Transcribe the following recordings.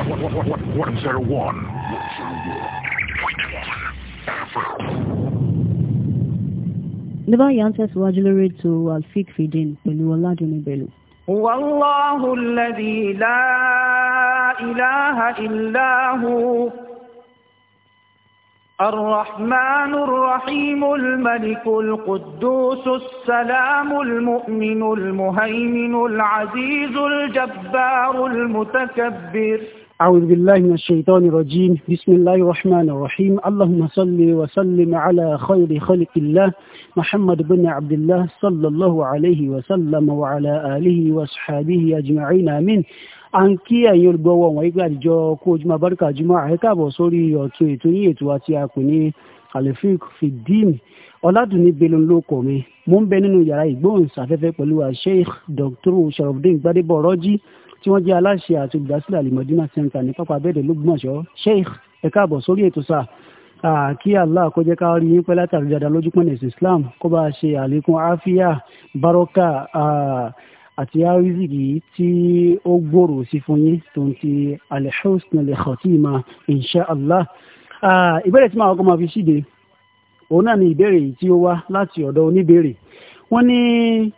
101. 101.1 The answers were to Alfik uh, Fidin pẹ̀lú Ọládùnmí Bello. والله الذي لا إله إلا هو الرحمن الرحيم الملك القدوس السلام المؤمن المهيمن العزيز الجبار المتكبر أعوذ بالله من الشيطان الرجيم بسم الله الرحمن الرحيم اللهم صل وسلم على خير خلق الله محمد بن عبد الله صلى الله عليه وسلم وعلى آله وصحبه أجمعين آمين à ń kí ẹ̀yin olùgbọ́wọ́ wọn igba àdìjọ kó ojúmọ́ abáríkà jùmọ̀ àyíkàbọ̀ sórí ọ̀tún ètò yín ètò àti àpò ní kàlífíìk fìdíìmù ọ̀làdùnní belon ló kọ̀ mi mò ń bẹ nínú yàrá ìgbóhùnsáfẹ́fẹ́ pẹ̀lú Sheikh Dr. sharafdin gbadebo rọ́jí tí wọ́n jẹ́ aláṣẹ àti olùdásílẹ̀ alimọ̀dínà center ní pápá abẹ́ẹ̀dẹ̀ lọ́gbọ̀nsọ̀ sheikh ẹ káàbọ̀ sórí ètò sáà kí allah kó jẹ́ ká rí yín pẹ́ látàrí dáadáa lójú pọ̀nà ẹ̀sìn islam kó bá ṣe àlékún àáfíà bárọ́kà àti àrísìkì tí ó gbòòrò sí fún yín tó ń ti alhusn alkhatima insha allah ìbéèrè tí màá kọ́ máa fi ṣíde òun náà ni ìbéèrè yìí tí ó wá láti ọ̀dọ̀ oníbéèrè wọ́n ní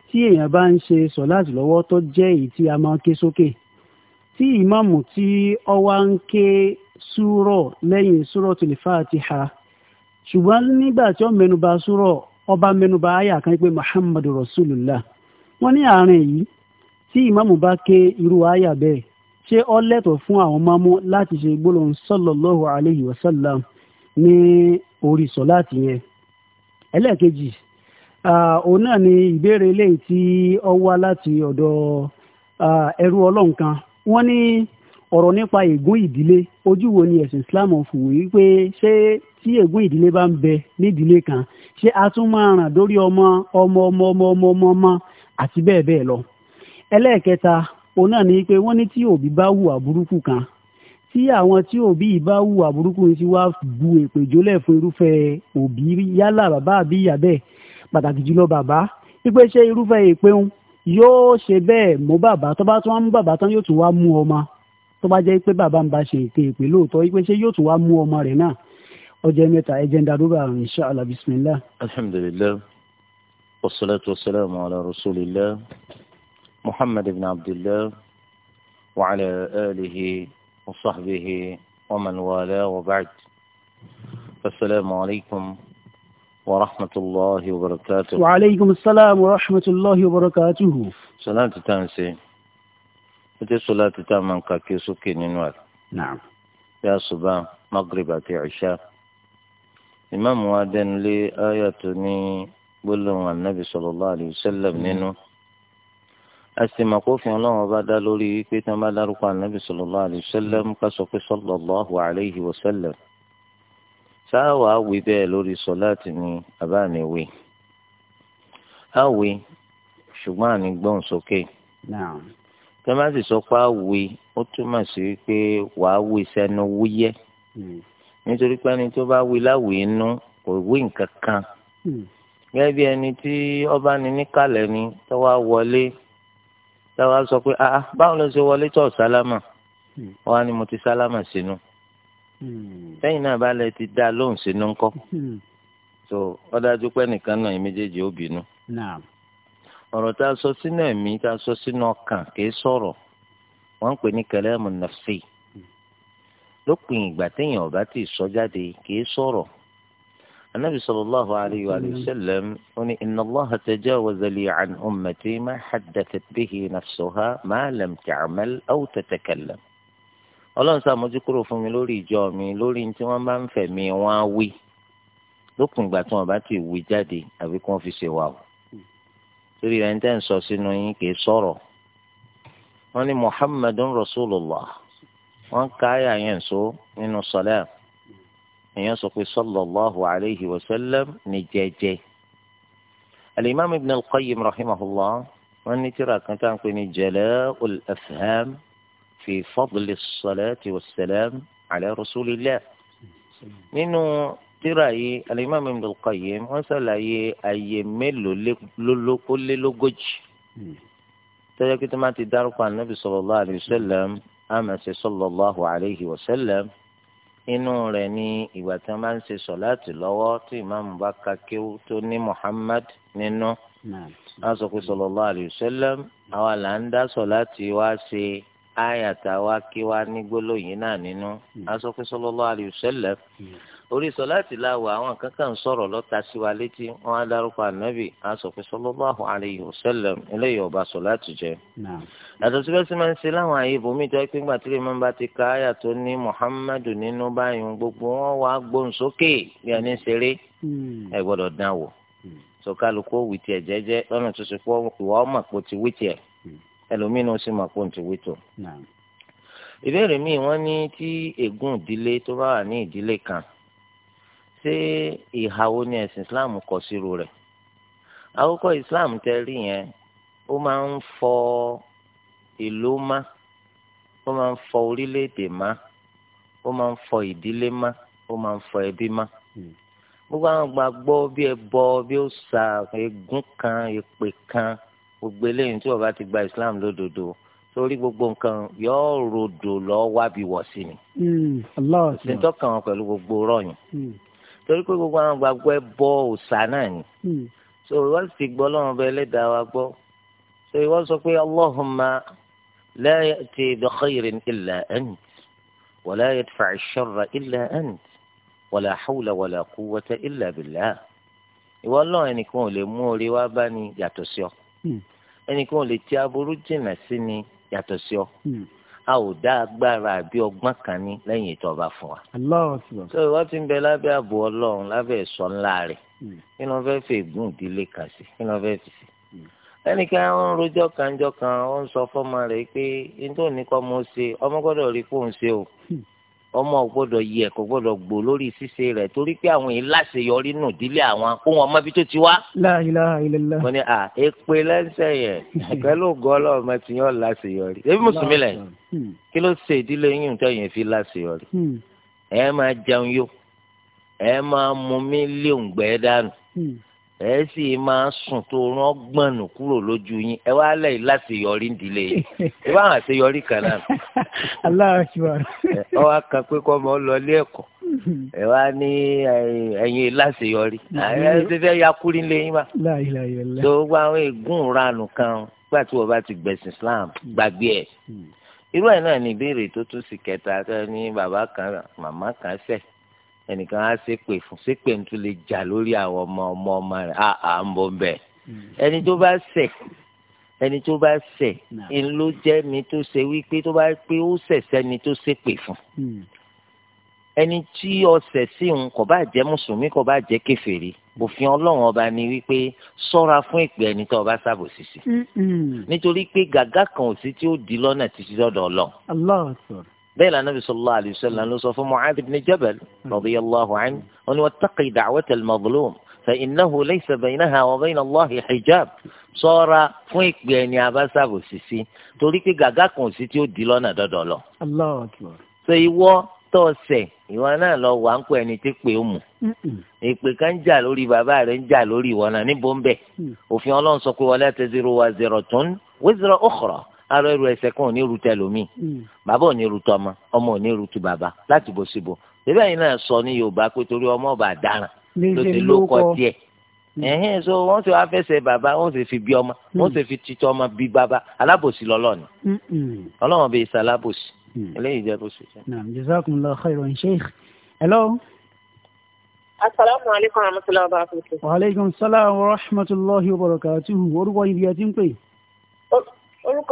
tí èèyàn bá ń ṣe sọ̀láàtì lọ́wọ́ tó jẹ́ èyí tí a máa ké sókè tí ìmáàmù tí ó wá ń ké súrọ̀ lẹ́yìn súratul Fatiha ṣùgbọ́n nígbà tí ó mẹnuba súrọ̀ ọba mẹnuba àyà kan pé Muhammadu rasulillah wọn ní àárín yìí tí ìmáàmù bá ké irú àyà bẹ́ẹ̀ ṣé ó lẹ́tọ̀ọ́ fún àwọn mámú láti ṣe gbólóhùn sallallahu alayhi wa sallam ní orí sọ̀láàtì yẹn ẹlẹ́ẹ̀kejì òun náà ni ìbéèrè eléyìí tí ó wá láti ọ̀dọ̀ ẹrú ọlọ́run wọ́n ní ọ̀rọ̀ nípa ègún ìdílé ojú wo ni ẹ̀sìn Islam fò wípé ṣé tí ègún ìdílé bá ń bẹ nídìílé kan ṣé a tún máa ràn dórí ọmọ ọmọ ọmọ ọmọ ọmọ ọmọ ọmọ àti bẹ́ẹ̀ bẹ́ẹ̀ lọ. ẹlẹ́ẹ̀kẹta òun náà ni pé wọ́n ní tí òbí bá hùwà burúkú kan tí àwọn tí òbí yìí bá hùwà burúkú yìí ti wá bu èpè jólẹ̀ fún irúfẹ́ òbí yálà bàbá àbí ìyá bẹ́ẹ̀ pàtàkì jùlọ bàbá wípé ṣé irúfẹ́ èpè yóò ṣe bẹ́ẹ̀ mú bàbá tó bá tún wá mú bàbá tán yóò tún wá mú ọmọ tó bá jẹ́ pé bàbá ń bá ṣe ète ìpè lóòótọ́ pé ṣé yóò tún wá mú ọmọ rẹ̀ náà ọjọ́ mẹ́ta ẹ̀jẹ̀ ń darúgbà insha Allah bismillah. alhamdulilayi wasalaatu wasalaamu ala rasulillah muhammad ibn abdillah wa ala alihi wa sahbihi wa man wa ba'd. asalaamu alaykum. ورحمة الله وبركاته وعليكم السلام ورحمة الله وبركاته صلاة تانسي أتي صلاة تامن كاكي سوكي ننوال نعم يا صباح مغرب عشاء إمام وادن لي آياتني بلو النبي صلى الله عليه وسلم ننو أستمع قوفي الله وبعد لولي كي تما دارك النبي صلى الله عليه وسلم كسوكي صلى الله عليه وسلم sáwà wí bẹ́ẹ̀ lórí sọláàtì ni bàbá mi wí á wí ṣùgbọ́n àní gbọ́n sókè tẹ́ bá sì sọ pé á wí ó túmọ̀ sí pé wàá wí sẹ́nu wúyẹ́ hmm. nítorí pé ẹni tó bá wí láwìí inú kò wí nǹkan kan hmm. gẹ́gẹ́ bí ẹni tí ọba ni níkàlẹ̀ ni tọ́wá wọlé tọ́wá sọ pé ah, ah báwo ló ṣe wọlé tó sálámà hmm. wọn á mo ti sálámà sínú. Si Hmm. sẹ́yìn náà balẹ̀ ti dá lóhùn sínú ńkọ́ tó hmm. ó dájú pé nìkan náà méjèèjì ó bínú. ọ̀rọ̀ tá a sọ sínú ẹ̀mí tá a sọ sínú ọkàn kì í sọ̀rọ̀ wọ́n ń pè ní kalamu nafsi lópin ìgbà téèyàn ọ̀bá tí sọ jáde kì í sọ̀rọ̀ النبي صلى الله عليه وآله وسلم إن الله تجاوز لي عن أمتي ما حدثت به نفسها ما لم تعمل أو تتكلم ọlọ́run ṣàmójúkúrò fún mi lórí ìjọ mi lórí ní tí wọ́n bá ń fẹ̀mí wọn á wí lópin ìgbà tí wọ́n bá ti wí jáde àbí kí wọ́n fi ṣe wà o torí ẹni tẹ́ ń sọ sínú yín kì í sọ̀rọ̀ wọ́n ní muhammadun rasulullah wọ́n ká àyà yẹn so nínú sọlẹ́ èèyàn sọ pé sallallahu alayhi wa sallam ní jẹ́jẹ́ alimami ibn al-qayyim rahimahullah wọ́n ní tírà kan tá à ń pè ní jala'ul afham fi fadli salati wa salam ala rasulillah nínú tírà yìí alimami Ibnul Qayyim wọ́n ṣàlàyé ayé mélòó ló lé lógójì tọ́jà pé tó máa ti dárúkọ ànábì sallallahu alayhi wa sallam àmàṣe sallallahu alayhi wa sallam inú rẹ̀ ní ìgbà tí wọ́n máa ń ṣe sọ̀láàtì lọ́wọ́ tí ìmáàmù bá ka kéwú tó ní Muhammad nínú wọ́n sọ pé sallallahu alayhi wa àwa là ń dá sọ̀láàtì wá ṣe ayàtà wa kí wa ní gbólóyìn náà nínú hmm. asọ́fẹ́ sallallahu alayhi wa sallam hmm. orí sọláàtì láwọ àwọn kankan ń sọ̀rọ̀ lọ́ta sí wa létí wọn á ànábì asọ́fẹ́ sallallahu alayhi wa sallam eléyìí ọba sọláàtì jẹ́. yàtọ̀ tí bẹ́ẹ̀ sì máa ń ṣe láwọn ààyè ibòmí tó pé ńgbà tí lè máa ń bá ti ka àyà tó ní muhammadu nínú báyìí gbogbo wọn wá gbóhùn sókè bí ẹni ṣeré hmm. ẹ gbọ́dọ̀ dán sọkálukó wìtì ẹlòmíín náà sì máa pọ̀ ní tiwí tó. ìbéèrè míì wọ́n ní tí ègún ìdílé tó bá wà ní ìdílé kan ṣé ìhàwó ni ẹ̀sìn islam kọ sírò rẹ̀ àkókò islam tẹ rí yẹn ó máa ń fọ ìlú má ó máa ń fọ orílẹ̀-èdè má ó máa ń fọ ìdílé má ó máa ń fọ ẹbí má hmm. gbogbo àwọn gbàgbọ́ bí ẹ bọ bí ó sa ègún kan èpè kan gbogbo eléyìí tí ọba ti gba islam lódodo sórí gbogbo nǹkan yóò rodò lọ wábi wọ̀ sí ni. Hmm, ṣètò kan pẹ̀lú gbogbo rọ̀yìn hmm. torí pé gbogbo àwọn gbàgbọ́ ẹ bọ òòṣà náà ni. Hmm. so wọ́n sì gbọ́ lọ́wọ́ bẹ ẹlẹ́dàá wa gbọ́ so wọ́n sọ pé allahumma la ya'ti bi khayrin illa ant wa la yadfa'u sharra illa ant wa la hawla wa la quwwata illa billah ìwọ lọ́wọ́ ẹnìkan ò lè Hmm. ẹnìkan ò lè ti aburú jìnnà sí ni yàtọ̀ sí ọ hmm. a ò dá agbára àbí ọgbọ́n kan ní lẹ́yìn tó bá fún wa. so ìwọ ti ń bẹ lábẹ́ ààbò ọlọ́run lábẹ́ ẹ̀ṣọ́ ńlá rẹ̀ hmm. kí ló fẹ́ fi ègún ìdílé kan sí kí ló fẹ́ fi sí. ẹnìkan ó ń rojọ́ kanjọ́ kan ó ń sọ fọ́mọ rẹ̀ pé n tó ní kọ́ mo ṣe ọmọ gbọ́dọ̀ rí kó ń ṣe o ọmọ gbọ́dọ̀ yẹ kò gbọ́dọ̀ gbò lórí ṣíṣe rẹ̀ torí pé àwọn yìí láṣeyọrí nù dílé àwọn kó wọn mọbi tó ti wá. La ilaha illallah. wọ́n ní à èpè lẹ́sẹ̀ yẹn pẹ̀lú gọ́lọ́ ọmọ tí yóò láṣeyọrí. ebi mùsùlùmí lẹ̀ hmm. kí ló ṣe ìdílé yín tó yẹn fi láṣeyọrí. Hmm. ẹ máa jẹun yó ẹ máa mú mi léòǹgbẹ́ dànù. Hmm ẹ sì máa sùn tó rán gbọ̀nù kúrò lójú yín ẹ wá lẹ́yìn láti yọrí ìdílé yìí ẹ bá hàn sí yọrí kan náà. aláàṣùwà. ọ wá kan pé kọ́ ọmọ lọ ilé ẹ̀kọ́ ẹ wá ní ẹ̀yìn láṣeyọrí ẹ ti fẹ́ yakuri lé yín wa. tó gba àwọn ègún ranù kan gbà tí wọ́n bá ti gbẹ̀sìn Islam gbàgbé ẹ̀. Hmm. irú ẹ̀ náà ni ìbéèrè tó tún sì kẹta tó ní bàbá kan màmá kan sẹ́ẹ̀ ẹnìkan á ṣépè fún ṣépè ń tún lè jà lórí àwọn ọmọ ọmọ ọmọ rẹ̀ á à ń bọ̀ bẹ́ẹ̀ mm. ẹni tó bá ṣẹ̀ ẹni tó bá ṣẹ̀ ń ló jẹ́ ni tó ṣe wípé tó bá pé ó ṣẹ̀ṣẹ̀ ni tó ṣépè fún mm. ẹni tí ọsẹ̀ sí òun kò bá jẹ́ mùsùlùmí kò bá jẹ́ kèfèrí òfin ọlọ́run ọba ni wípé sọ́ra fún ìpè ẹni tó bá sábò sísè nítorí pé gàgá kan ò sí tí ó di lọ́nà títí lọ́dọ̀ ọlọ́run bẹ́ẹ̀ lànà bisọ lọ́wọ́ àlùsọ̀lá ló sọ fún mu'adh ibn jabal radiyallahu anhu wọn ni wattaqi da'wata al-mazlum fa innahu laysa baynaha wa bayna Allahi hijab ṣọ́ra fún ìpè ẹni abáṣàbò sísí torí pé gàgá kan sí tí ó di lọ́nà dọ́dọ̀ lọ. so ìwọ tó ọ̀sẹ̀ ìwọ náà lọ wà ń pè ẹni tí pè ó mú ìpè kan ń jà lórí bàbá rẹ̀ ń jà lórí ìwọ náà níbo ń bẹ̀ mm. òfin ọlọ́run sọ pé wala taziru wazratun wizra ukhra arọ ẹrù ẹsẹ̀ kan ò ní ru tẹlómi hmm. bàbá ò ní ru tọmọ ọmọ ò ní ru bàbá láti bó síbò bíbẹ́ yìí náà sọ ní yorùbá pé torí ọmọ ọba àdáràn ló ti ló kọ díẹ̀ hmm. ẹ̀hìn so wọ́n ti wá fẹsẹ̀ bàbá wọ́n sì fi bí ọmọ wọ́n sì hmm. fi titọ́ ọmọ bí bàbá alábòsí lọ́lọ́ni ọlọ́run bíi sálábòsí eléyìí jẹ́ bó asalaamualeykum wa rahmatulahi wa barakatuhu. wa salaam wa rahmatulahi wa barakatuhu orúkọ ibi ẹ ti ń pè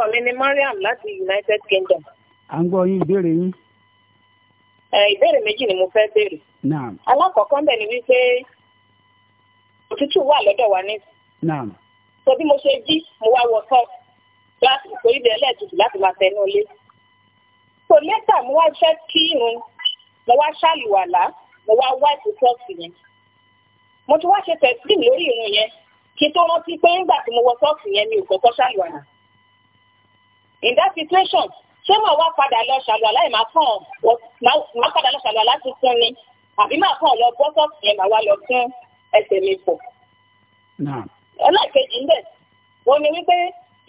orúkọ mi ni Mariam láti United Kingdom. à ń gbọ́ yín ìbéèrè yín. ìbéèrè méjì ni mo fẹ́ béèrè. alákọ̀ọ́kọ́ ń bẹ̀ ni wípé òtútù wà lọ́dọ̀ wa ní. sọ bí mo ṣe jí mo wá wọ sọ́ọ̀tù láti ìkórè bẹ̀rẹ̀ lẹ́ẹ̀tutù láti máa tẹnu ilé. so lẹ́tà mo wá fẹ́ kí irun mo wá ṣàlùwàlá mo wá wá ètò sọ́ọ̀tù yẹn. mo ti wá ṣe tẹ̀sílì lórí irun yẹn kí tó rántí pé ńgbà tí mo wọ sọ́ọ̀tù yẹn mi ò kọ́kọ́ ṣàlùwàlá in that situation ṣé màá wá padà lọ ṣàlùwàlá ìmá fún ọ màá padà lọ ṣàlùwàlá tuntun ni àbí màá fún ọ lọ bọ́ sọ́ọ̀tì yẹn màá wá lọ fún ẹsẹ̀ mi pọ̀. ọlọ́ọ̀kejì ń bẹ̀ wọ́n ní wípé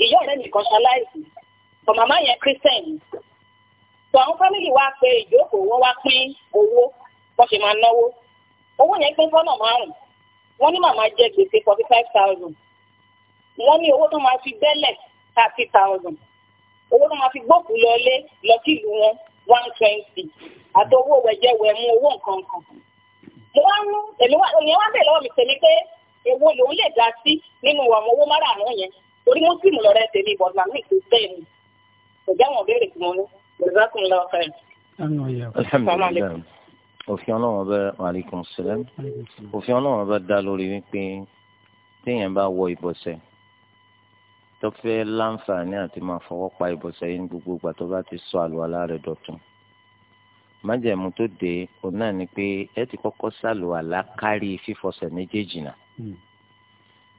ìyá ọ̀rẹ́ nìkan ṣaláìsì ọ̀ màmá yẹn christian tó àwọn fámìlì wa pé ìjókòó wọn wá pín owó bó ṣe máa náwó owó yẹn pín fọ́nà márùn-ún wọ́n ní màmá jẹ gbèsè forty five thousand wọ́n ní owó tó máa fi bẹ́lẹ̀ thirty thousand owó náà máa fi gbókù lọlé lọ sí ìlú wọn one twenty àti owó wẹ̀jẹ̀wẹ̀ mú owó nǹkan kan. mo wá ń èmi wá èmi wá bẹ̀ lọ́wọ́ mi tèmi pé èwo lòun lè dá sí nínú àwọn owó márààrún yẹn torí mo sì mú lọ́rẹ́ tèmi bọ̀ màmí kò tẹ̀ mí kò jẹ́ àwọn béèrè tí mo ní ìrẹ́sàkùn lọ fẹ́. òfin ọlọ́run ọba aleykum salam òfin ọlọ́run ọba dá lórí wípé téèyàn bá wọ ìbọ̀sẹ̀ tó fẹ́ láǹfààní àti máa fọwọ́ pa ìbọ̀sẹ̀ yìí ní gbogbo ìgbà tó bá ti sọ àlùwàlá rẹ̀ dọ̀tun májẹ̀mú tó de òun náà ni pé ẹ ti kọ́kọ́ ṣàlùwàlá kárí fífọsẹ̀ méjèèjì náà hmm.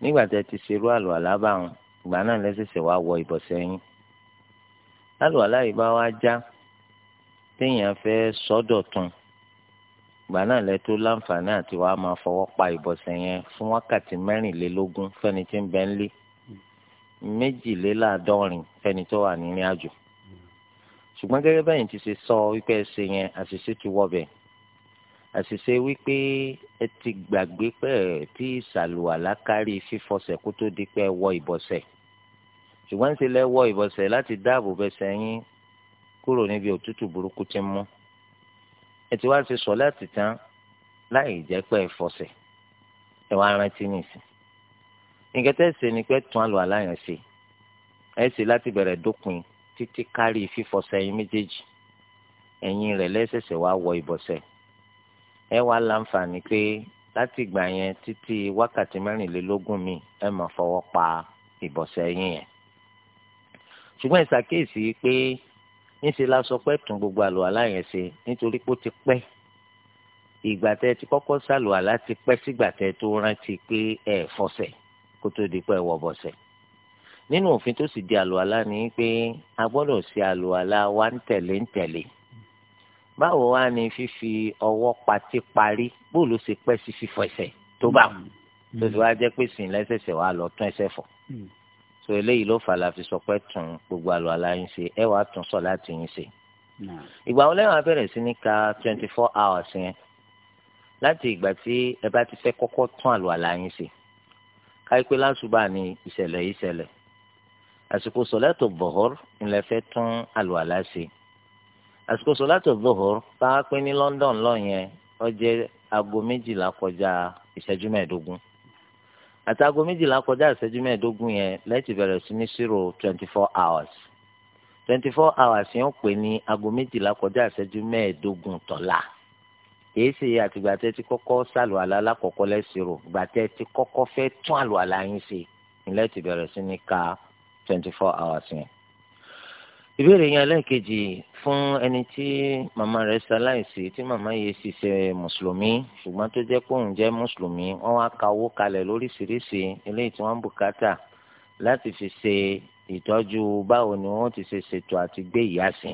nígbà tí ẹ ti ṣerú àlùwàlá báwọn ìgbà náà lẹ́sẹ̀sẹ̀ wá wọ ìbọ̀sẹ̀ yín àlùwàlá yìí bá wá já téèyàn fẹ́ sọ́dọ̀tun ìgbà náà lẹ tó láǹfààní àti wàá máa fọwọ́ pa ìbọ̀sẹ̀ yẹn fún wákàtí mẹ́rìnlélógún fẹ́ni tí ń bẹ méjìléláàádọ́rin fẹ́ni tó wà nínú àjò ṣùgbọ́n gẹ́gẹ́ bẹ́yìn ti ṣe sọ wípé ẹ ṣe yẹn àṣìṣe ti wọ́ bẹ̀ àṣìṣe wípé ẹ ti gbàgbé pé ẹ ti ṣàlùwà lákárí fífọsẹ̀ kó tó di pé ẹ wọ ìbọ̀sẹ̀ ṣùgbọ́n ń ṣe lẹ́ wọ ìbọ̀sẹ̀ láti dáàbò bẹsẹ̀ yín kúrò níbi òtútù burúkú ti mú ẹ ti wá ṣe sọ láti tán láì jẹ́ pé ẹ fọsẹ̀ ẹ wá rántí nìsín nǹkan tẹ́ ṣe ni pé tún àlọ́ aláyàn ṣe ẹ ṣe láti bẹ̀rẹ̀ dópin títí kárí fífọṣẹ ẹyin méjèèjì ẹ̀yìn rẹ̀ lẹ́sẹ̀sẹ̀ wá wọ ìbọ̀sẹ̀ ẹ wá láǹfààní pé láti ìgbà yẹn títí wákàtí mẹ́rìnlélógún mi ẹ máa fọwọ́ pa ìbọ̀sẹ̀ ẹyin yẹn ṣùgbọ́n ìṣàkíyèsí pé níṣẹ́ la sọ pé tún gbogbo àlọ́ aláyẹn nítorí pé ó ti pẹ́ ìgbà tẹ́ ti kọ́kọ́ sàlùwàlá ti pẹ́ sígbà tẹ́ tó rántí pé ẹ fọṣẹ kó tó di pé ẹwọ bọ̀sẹ̀ nínú òfin tó sì di àlùwàlá ni pé a gbọ́dọ̀ ṣe àlùwàlá wa ń tẹ̀lé ń tẹ̀lé báwo wá ni fífi ọwọ́ patí parí bóòlù ṣe pẹ́ sí fífọ ẹsẹ̀ tó bá mu mm. tó ti wá jẹ́ pé sìn lẹ́sẹ̀sẹ̀ wa lọ tún ẹsẹ̀ fọ̀ mm. so eléyìí ló fà la fi sọ pé tún gbogbo àlùwàlá yín ṣe ẹ wàá tún sọ láti yín ṣe ìgbà wo lẹ́wọ̀n abẹ́rẹ́ sí ní ka twenty four hours yẹn láti ìgbà tí ẹ bá ti fẹ́ kọ́kọ́ tún àlùwàlá yín ṣe àìpé lásùbà ni ìṣẹ̀lẹ̀ yìí ṣẹlẹ̀ àsìkò sọ̀látò bọ̀họ́r ńlẹ̀ fẹ́ tún àlùwàlá ṣe àsìkò sọ̀látò bọ̀họ́r bá a London lọ́yẹn ó jẹ́ aago méjìlá kọjá ìṣẹ́jú Ata àtàgò méjìlá kọjá ìṣẹ́jú mẹ́ẹ̀ẹ́dógún yẹn lẹ́tì bẹ̀rẹ̀ sini ní zero twenty four hours twenty four hours yẹn ó pè ní aago méjìlá kọjá ìṣẹ́jú mẹ́ẹ̀ẹ́dógún tọ́lá kìí ṣe àtìgbà tẹ́ ti kọ́kọ́ sàlù àlá alákọ̀ọ́kọ́ lẹ́sìrò gbà tẹ́ ti kọ́kọ́ fẹ́ tún àlù àlá yín ṣe nílẹ̀ ti bẹ̀rẹ̀ sí ní ka twenty four hours yẹn. ìbéèrè yẹn lẹ́ẹ̀kejì fún ẹni tí màmá rẹ̀ ṣaláìsí tí màmá yìí sì ṣe mùsùlùmí ṣùgbọ́n tó jẹ́ pé òun jẹ́ mùsùlùmí wọ́n wá ka owó kalẹ̀ lóríṣiríṣi eléyìí tí wọ́n ń bùkátà láti fi ṣe ìtọ́jú báwo ni wọ́n ti ṣe ṣètò àti gbé ìyá sí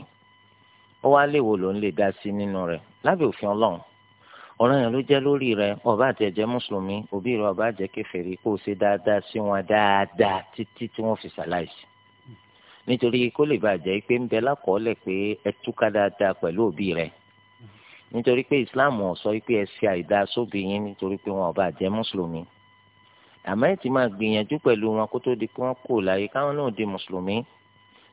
ó wá léwo ló ń lè dá sí nínú rẹ̀ lábẹ́ òfin ọlọ́run ọ̀ràn yẹn ló jẹ́ lórí rẹ ọba àtẹ̀jẹ́ mùsùlùmí òbí rẹ ọba àjẹ́ kèfèrí kó o ṣe dáadáa sí wọn dáadáa títí tí wọ́n fi ṣàláìsí nítorí kó lè bàjẹ́ pé ń bẹ lákọọ́lẹ̀ pé ẹ túká dáadáa pẹ̀lú òbí rẹ nítorí pé ìsìláàmù ò sọ pé ẹ ṣe àìdáa sóbì yín nítorí pé wọn ọba àjẹ́ mùsùlùmí àmọ́ ẹ ti máa gbìyànjú pẹ̀lú wọn kó tó di pé wọ́n kò láyé káwọn náà di mùsùlùmí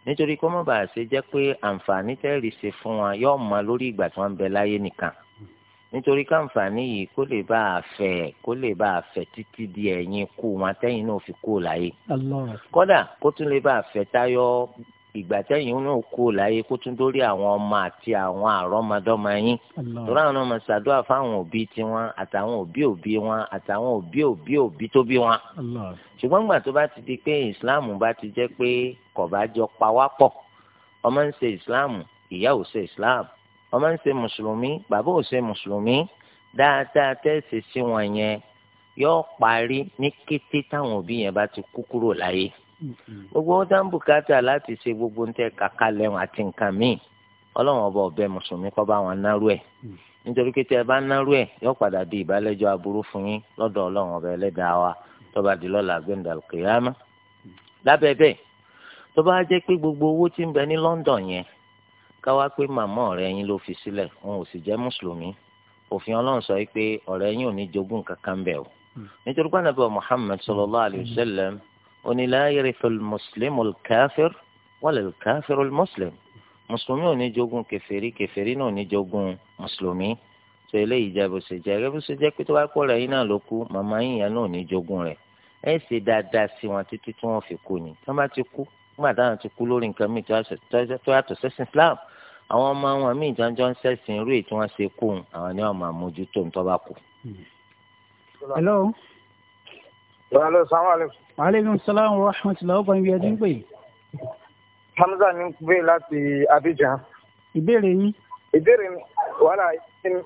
nítorí kó má bàa ṣe jẹ́ pé àǹfààní tẹ́ẹ̀rì ṣe fún wọn yóò mọ lórí ìgbà tí wọ́n ń bẹ láyé nìkan nítorí káǹfààní yìí kó lè bá a fẹ̀ kó lè bá a fẹ̀ títí di ẹ̀yìn kú wọn tẹ́yìn náà fi kú láyé kódà kó tún lè bá a fẹ̀ tayọ ìgbà tẹ́yìn náà kú láyé kó tún dórí àwọn ọmọ àti àwọn àrọ́mọdọ́mọ yín torí àwọn ọmọ ṣàdúrà fáwọn òbí tiwọn àtàwọn òbí òbí wọn àtàwọn òbí òbí òbí tó bí wọn ṣùgbọ́n gbà tó bá ti di pé ìsìláàmù bá ti jẹ́ pé kọ̀bájọ pawápọ̀ ọmọ ń ṣe ìsìláàmù ọmọ ń ṣe mùsùlùmí bàbá ò ṣe mùsùlùmí dáadáa tẹ́sí sí wọn yẹn yóò parí ní kété táwọn òbí yẹn bá ti kú kúrò láyé gbogbo ó dá ń bùkátà láti ṣe gbogbo ń tẹ kàkà lẹ́wọ̀n àti nǹkan míì ọlọ́run ọba ọbẹ̀ mùsùlùmí kọ́ bá wọn náró ẹ̀ nítorí pé tẹ́ ẹ bá náró ẹ̀ yóò padà di ìbálẹ́jọ́ aburú fún yín lọ́dọ̀ ọlọ́run ọba ẹlẹ́dàá wa tó bá di lọ́la gbẹ̀ndà kìyàmá lábẹ́ bẹ́ẹ̀ tó bá jẹ́ pé gbogbo owó tí ń bẹ ní London yẹn káwá pé màmá ọ̀rẹ́ yín ló fi sílẹ̀ òun ò sì jẹ́ mùsùlùmí òfin ọlọ́run sọ pé ọ̀rẹ́ yín ò ní jogún kankan bẹ̀ o hmm. nítorí pé ànábì Muhammad sallallahu alayhi wa sallam ó ní la yarithul muslimul káfíìr walal káfíìrul muslim mùsùlùmí ò ní jogún kèfèrí kèfèrí náà ò ní jogún mùsùlùmí tó eléyìí jẹ́ bó ṣe jẹ́ bó ṣe jẹ́ pé tó bá kó rẹ̀ yín náà ló kú màmá yín yẹn náà ò Islam àwọn ọmọ wọn míì jọjọ ń ṣẹ̀sìn irú èyí tí wọ́n ṣe kóhun àwọn ni wọ́n máa mójútó ń tọ́ba kù. hello. hello salaam maaleykum salaam wa rahmatulah ọgbà ibi ẹdín pè. hamza ní gbé láti abidjan. ìbéèrè yín. ìbéèrè mi wàhálà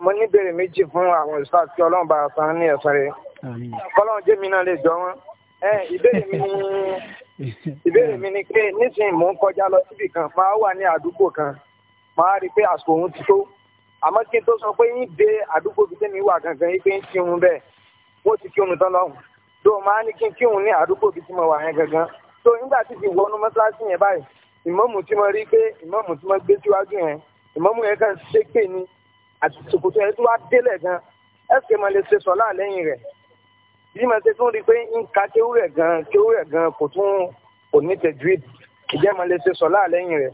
mo ní ìbéèrè méjì fún àwọn ìṣáà tí ọlọ́run bá san ní ẹ̀sán rẹ̀. kọ́lọ́run jẹ́ mi náà lè jọ wọ́n. ìbéèrè mi ni ìbéèrè mi ni pé nísìnyí mò ń kọjá lọ síbì kan máa wà ní àdúgbò kan máa rí i pé àsìkò òun ti tó àmọ́ kí n tó sọ pé yín dé àdúgbò bíi tẹ́mi wà gangan yìí pé ń kírun bẹ́ẹ̀ wọ́n ti kírun tán lọ́hùn tó máa ní kí n kírun ní àdúgbò bíi tí mo wà yẹn gangan tó nígbà tí ti wọnú mọ́ṣáláṣí yẹn báyìí ìmáàmù tí mo rí pé ìmáàmù tí mo gbé síwájú yẹn ìmáàmù yẹn kàn ṣe pé ni àti ṣòkòtò yẹn tó wá délẹ̀ gan ẹ̀sìn mo lè ṣe sọ̀lá lẹ́yìn rẹ̀ bí mo ṣe tún rí i pé ń ka kéwúrẹ̀ gan kéwúrẹ̀ gan kò tún kò ní tẹ̀jú ìjẹ́ mo lè ṣe sọ̀lá lẹ́yìn rẹ̀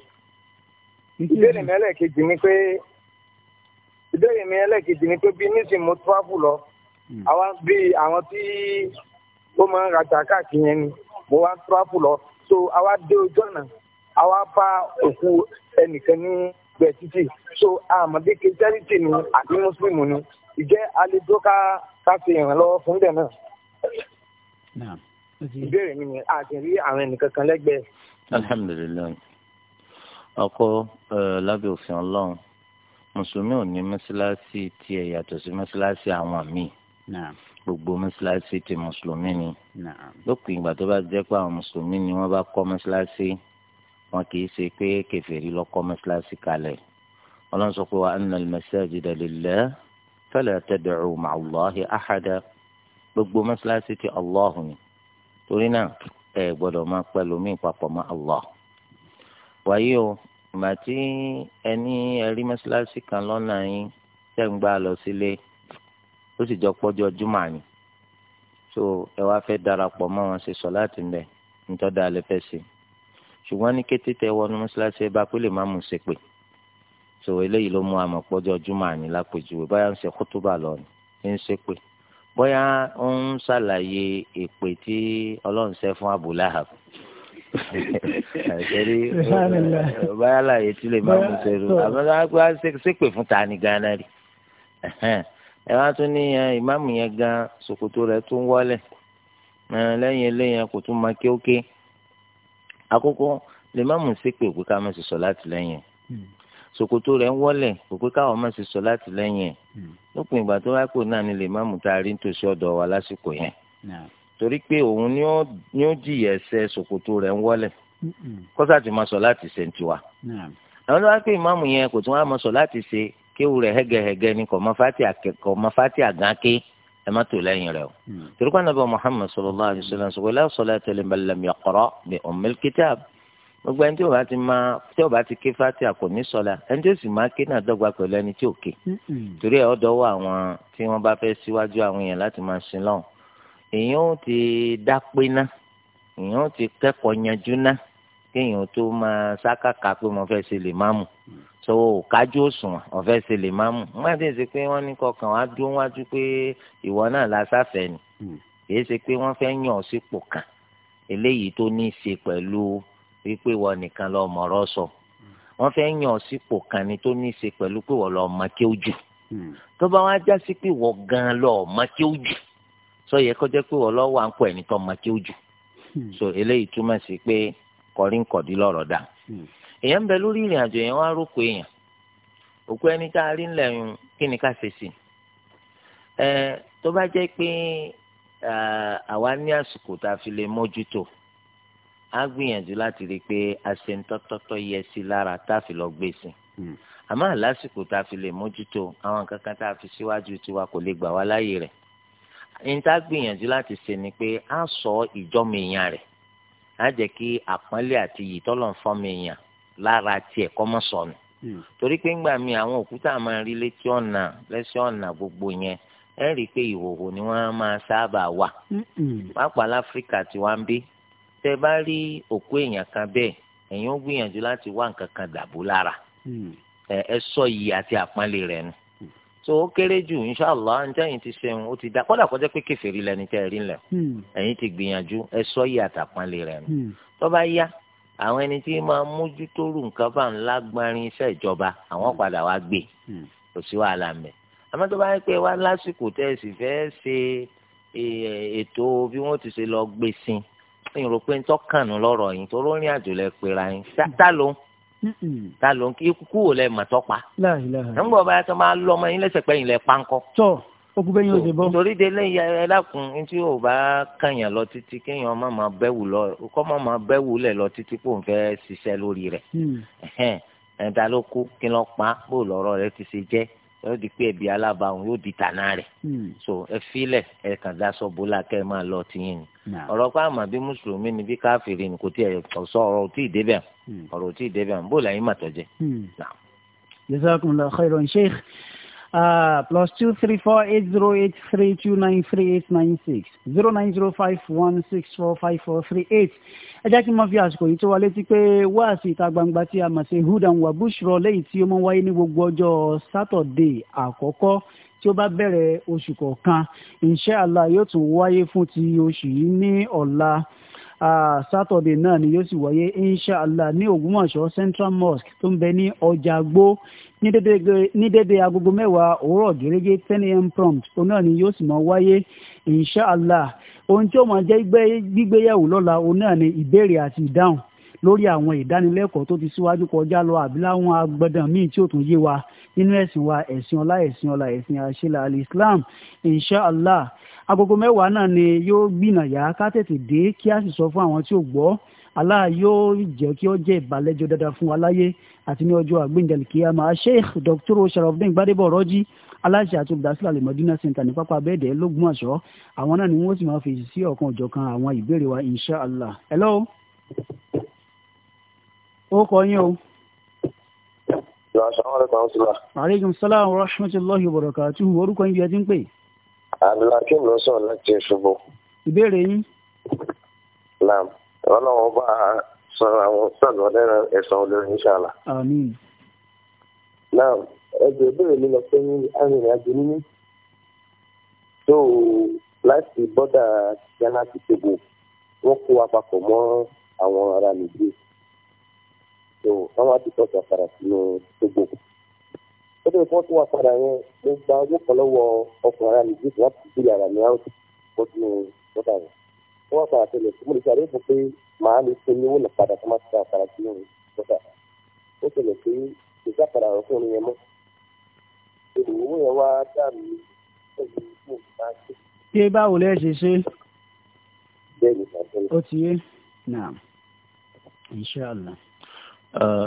ìbéèrè mi ẹlẹ́ẹ̀kejì ni pé ìbéèrè mi ẹlẹ́ẹ̀kejì ni pé bí nísìn mo travel lọ hmm. àwọn bí àwọn tí ó máa ń rajà káàkiri yẹn ni mo wá travel lọ so àwa dé ojú ọ̀nà àwa bá òkú ẹnìkan ní gbẹ títì so àmọ̀dé kejìlélẹ́tì ni àbí mùsùlùmí ni ìjẹ́ àlejò ká ká fi ìrànlọ́wọ́ fún dẹ̀ náà ìbéèrè mi ni àti àwọn ẹnìkan kan lẹ́gbẹ̀ẹ́. alhamdulilayi ọkọ lábẹ́ òfin ọlọ́run mùsùlùmí ò ní mọ́ṣáláṣí tiẹ̀ yàtọ̀ sí mọ́ṣáláṣí àwọn míì gbogbo mọ́ṣáláṣí ti mùsùlùmí ni lópin ìgbà tó bá jẹ́ pé àwọn mùsùlùmí ni wọ́n bá kọ́ mọ́ṣáláṣí wọn kì í ṣe pé kèfèrí ló kọ́ mọ́ṣáláṣí kalẹ̀ ọlọ́run sọ pé wa anna al-masajida lillah fala tad'u ma'a ahada gbogbo mọ́ṣáláṣí ti Allahu ni torí náà ẹ gbọ́dọ̀ máa pẹ́ lómi ìpapọ̀ mọ́ Allah wàyí o ìgbà tí ẹni ẹrí mọ́ṣáláṣí kan lọ́nà yín tẹ̀ ń gbà lọ sílé ó sì jọ pọ́jọ́ júmọ̀ ni so ẹ wá fẹ́ darapọ̀ mọ́ wọn ṣe sọ láti ń bẹ̀ nítọ́da alẹ́ fẹ́ sí ṣùgbọ́n ní kété tẹ wọnú mọ́ṣáláṣí ẹ bá pé lè má mú un ṣe pè so eléyìí ló mú àmọ́ pọ́jọ́ júmọ̀ ni lápèjúwe báyà ń ṣe kútúbà lọ ni ń ṣe pè bóyá ó ń ṣàlàyé èpè tí ọlọ́run ṣe fún Abu àṣírí báyà láàyè tí lè máa mú sẹ́rù àbẹ̀wò ṣépè fún ta ni gánà rí ẹ wá tún ní ìmáàmù yẹn gan ṣòkòtò rẹ̀ tún wọlé lẹ́yìn eléyẹn kò tún máa kéókè àkókò lè má mú ṣépè pé ká má sì sọ láti lẹ́yìn hmm. ṣòkòtò rẹ̀ ń wọlé kò pé káwọn má sì sọ láti lẹ́yìn hmm. lópin ìgbà tó wáyé kò náà ni lè má mú tá a rí nítòsí ọ̀dọ̀ wa lásìkò yẹn torí pé òun ni ó jìyà ẹsẹ̀ ṣòkòtò rẹ̀ ń wọlẹ̀ kọ́sà ti máa sọ láti ṣe tiwa. àwọn tó wá pé ìmáàmù yẹn kò tún wá máa sọ láti ṣe kéwù rẹ̀ hẹ́gẹ́hẹ́gẹ́ ni kò mọ fati àgánké ẹ má tò lẹ́yìn rẹ̀ o. Mm. torí pé anábọ̀ Muhammad sallallahu alaihi wasallam sọ̀rọ̀ la salata liman lam yaqra bi ummil kitab gbogbo ẹni tí o bá ti máa tí o bá ti ké fatia kò ní sọlá ẹni tí o sì máa ké náà dọ́gba pẹ̀lú ẹni tí o ké torí ẹ ọdọ wọ àwọn tí wọn bá fẹ́ síwájú àwọn èèyàn láti máa sin lọhùn èèyàn ó ti dápé ná èèyàn ó ti kẹ́kọ̀ọ́ yanjú ná kéèyàn tó máa sákàkà pé mo fẹ́ ṣe lè má mú so kájú òsùn ọ̀fẹ́ ṣe lè má mú wọ́n á dẹ̀ ṣe pé wọ́n ní kọkàn wá dún wájú pé ìwọ náà la sáfẹ́ ni hmm. kìí ṣe pé wọ́n fẹ́ yàn ọ́ sípò kan eléyìí tó ní í ṣe pẹ̀lú wípé wọ́n nìkan lọ mọ̀rọ̀ sọ hmm. wọ́n fẹ́ yàn ọ́ sípò kan ni tó ní í ṣe pẹ̀lú pé wọ́n lọ mọ kí ó jù hmm. tó bá wá já sí pé wọ́n gan lọ mọ kí ó jù sọ yẹ kọjá pé wọ́n lọ́wọ́ à ń pọ̀ ẹni tó máa kí ó jù hmm. so eléyìí túmọ̀ sí pé kọrin kọ̀dí lọ́rọ̀ dà èèyàn hmm. ń bẹ lórí ìrìn àjò yẹn wá rókò èèyàn òkú ẹni tá a rí ńlẹ̀ yun kí ni ká ṣe sí ẹ tó bá jẹ́ pé àwa ní àsìkò tá a fi lè mójútó a gbìyànjú láti rí i pé a ṣe ń tọ́tọ́tọ́ yẹ sí lára tá a fi lọ gbé sí hmm. àmọ́ àlásìkò tá a fi lè mójútó àwọn kankan tá a fi síwájú tiwa kò lè gbà wá láyè rẹ̀ ẹni gbìyànjú láti ṣe ni pé a sọ ìjọ́mìyàn rẹ̀ á jẹ́ kí àpọ́nlé àti iyì tọ́lọ̀ ń fọ́mìyàn lára tiẹ̀ kọ́ mọ́ hmm. torí pé ńgbà mi àwọn òkúta máa rí létí ọ̀nà lẹ́sẹ̀ ọ̀nà gbogbo yẹn ẹ rí i pé ìhòhò ni wọ́n máa sábà wà hmm. pàápàá láfíríkà tí wọ́n ń bí tẹ bá rí òkú èèyàn kan bẹ́ẹ̀ ẹ̀yin ó gbìyànjú láti wá nǹkan kan dàbò lára hmm. ẹ sọ yìí àti àpọ́nlé rẹ̀ nù so ó kéré jù inṣàlá ntẹ́yìn ti ṣeun ó ti da kọ́dà kọjá pé kẹfìrí lẹni tẹ́ rí lẹ̀ hmm. ẹ̀yin ti gbìyànjú ẹ sọ yìí àtàpọ́nlé rẹ̀ nù hmm. tó bá yá àwọn ẹni tí máa mójútó rú nǹkan bá ń lágbárin iṣẹ́ ìjọba àwọn hmm. padà wá gbé kò sí wàhálà mẹ́ àmọ́ tó bá yẹ pé wá lásìkò tẹ́ ẹ sì fẹ́ ṣe e, ètò bí wọ́n ti ṣe lọ gbé sí i ìrò ń tọ́kànnù lọ́rọ̀ yìí tó rọ́rìn àjò lẹ pera yín tá ló ń ta ló ń kí ikú wò lẹ mọ̀tọ́ pa nígbà bá yàtọ̀ máa lọ ọmọ yín lẹ́sẹ̀ pẹ́yìn lẹ pánkọ́. tọ́ okùn bẹ́yìn ò ṣe bọ́. torí de lẹ́yìn ẹlẹ́kùn tí yóò bá kàyàn lọ títí kéèyàn ọmọ máa bẹ́wù lọ kọ́ ọmọ máa bẹ́wù lẹ̀ lọ títí kó n fẹ́ ṣiṣẹ́ lórí rẹ̀ mm. ẹ̀ẹ́dá ló kú kí lọ́ọ́ pa bó lọ́rọ̀ rẹ̀ ti ṣe jẹ́ yóò di pé ẹbí alábàáhùn yóò di tànà rẹ̀ hmm. so ẹ filẹ̀ ẹ kàn daṣọ bọ́lá kẹ́ ẹ máa lọ tiyín ni ọ̀rọ̀ pa àmọ́ bí mùsùlùmí ni bí káfíìrì ni kò tí ẹ sọ ọ̀rọ̀ tí ì débẹ̀ hmm. ọ̀rọ̀ tí ì débẹ̀ bó làyín mà tọ́jẹ́. Hmm. jazakumullahu khairan sheikh Uh, plus two three four eight zero eight three two nine three eight nine six zero nine zero five one six four five four three eight. ẹ jẹ́ kí n máa fi àsìkò yìí tó wa létí pé wáàsí ìta gbangba tí a mọ̀ sí hudan wabushro lẹ́yìn tí ó máa wáyé ní gbogbo ọjọ́ sátọ̀dé àkọ́kọ́ tí ó bá bẹ̀rẹ̀ oṣù kọ̀ọ̀kan inshallah yóò tún wáyé fún ti oṣù yìí ní ọ̀la sátọ̀dẹ̀ náà ni yóò sì wáyé inshallah ní Ògbómọ̀ṣọ́ Central Mosque tó ń bẹ ní ọjà gbó ní dédé agogo mẹ́wàá òwúrọ̀ gẹ́gẹ́ ten a.m. prompt òun náà ni yóò sì máa wáyé inshallah ohun tí ó máa jẹ́ gbígbéyàwó lọ́la òun náà ni ìbéèrè àti ìdáhùn lórí àwọn ìdánilẹ́kọ̀ọ́ tó ti síwájú kọjá lọ àbí láwọn agbọ́dàn míì tí ó tún yé wa nínú ẹ̀sìn wa ẹ̀sìn ọlá ẹ̀sìn ọlá ẹ̀sìn àṣìlá al-Islam inshallah agogo mẹ́wàá náà ni yóò gbìnàyà ká tètè dé kí a sì sọ fún àwọn tí ò gbọ́ Allah yóò jẹ́ kí ó jẹ́ ìbàlẹ́jọ́ dáadáa fún wa láyé àti ní ọjọ́ àgbéǹdẹ̀lìkìyàmá sheikh dr sharafdin gbadebo rọ́jí aláṣẹ àti olùdásílẹ̀ alimọ̀dínà center ní pápá abẹ́ẹ̀dẹ́ lógún àṣọ àwọn náà ni wọ́n sì máa fèsì sí ọ̀kan òjọ̀kan àwọn ìbéèrè wa insha allah. hello kọ yín o. assalamu alaikum warahmatullahi wabarakatuh orúkọ yín bí ẹ ti ń pè é abdulhakeem ló sọ̀rọ̀ láti ṣubú. ìbéèrè yín. naam ọlọ́run bá a sọ àwọn sọ̀rọ̀ lẹ́nu ẹ̀sán olórí inṣàlá. àmín. naam ẹgbẹ́ ìbéèrè mi lọ pé ní arìnrìn àjò nínú tó láti bọ́dà ghana ti ṣègbò wọ́n kó apapọ̀ mọ́ àwọn ará nìgbè tó wọ́n wá ti tọ́jú àkàrà sínú ṣègbò ó bẹ̀rẹ̀ fún ọtún wa padà yẹn ló gba ọjọ́ kan lọ́wọ́ ọkùnrin ara nìjí láti fi ara mi áwùjọ ó ti ní bọ́tà rẹ̀ wọ́n wá padà tẹ̀lé mo lè ṣe àdéhùn pé màá lè ṣe ní owó nà padà tó má ti ta àkàrà sí òun bọ́tà ó tẹ̀lé pé ìjà padà rọ̀ fún òun yẹn mọ́ owó yẹn wá dà mí pẹ̀lú mo máa ṣe. ṣé báwo lẹ ṣe ṣe. bẹ́ẹ̀ni sàbẹ̀lẹ̀. ó ti yé naam inshallah.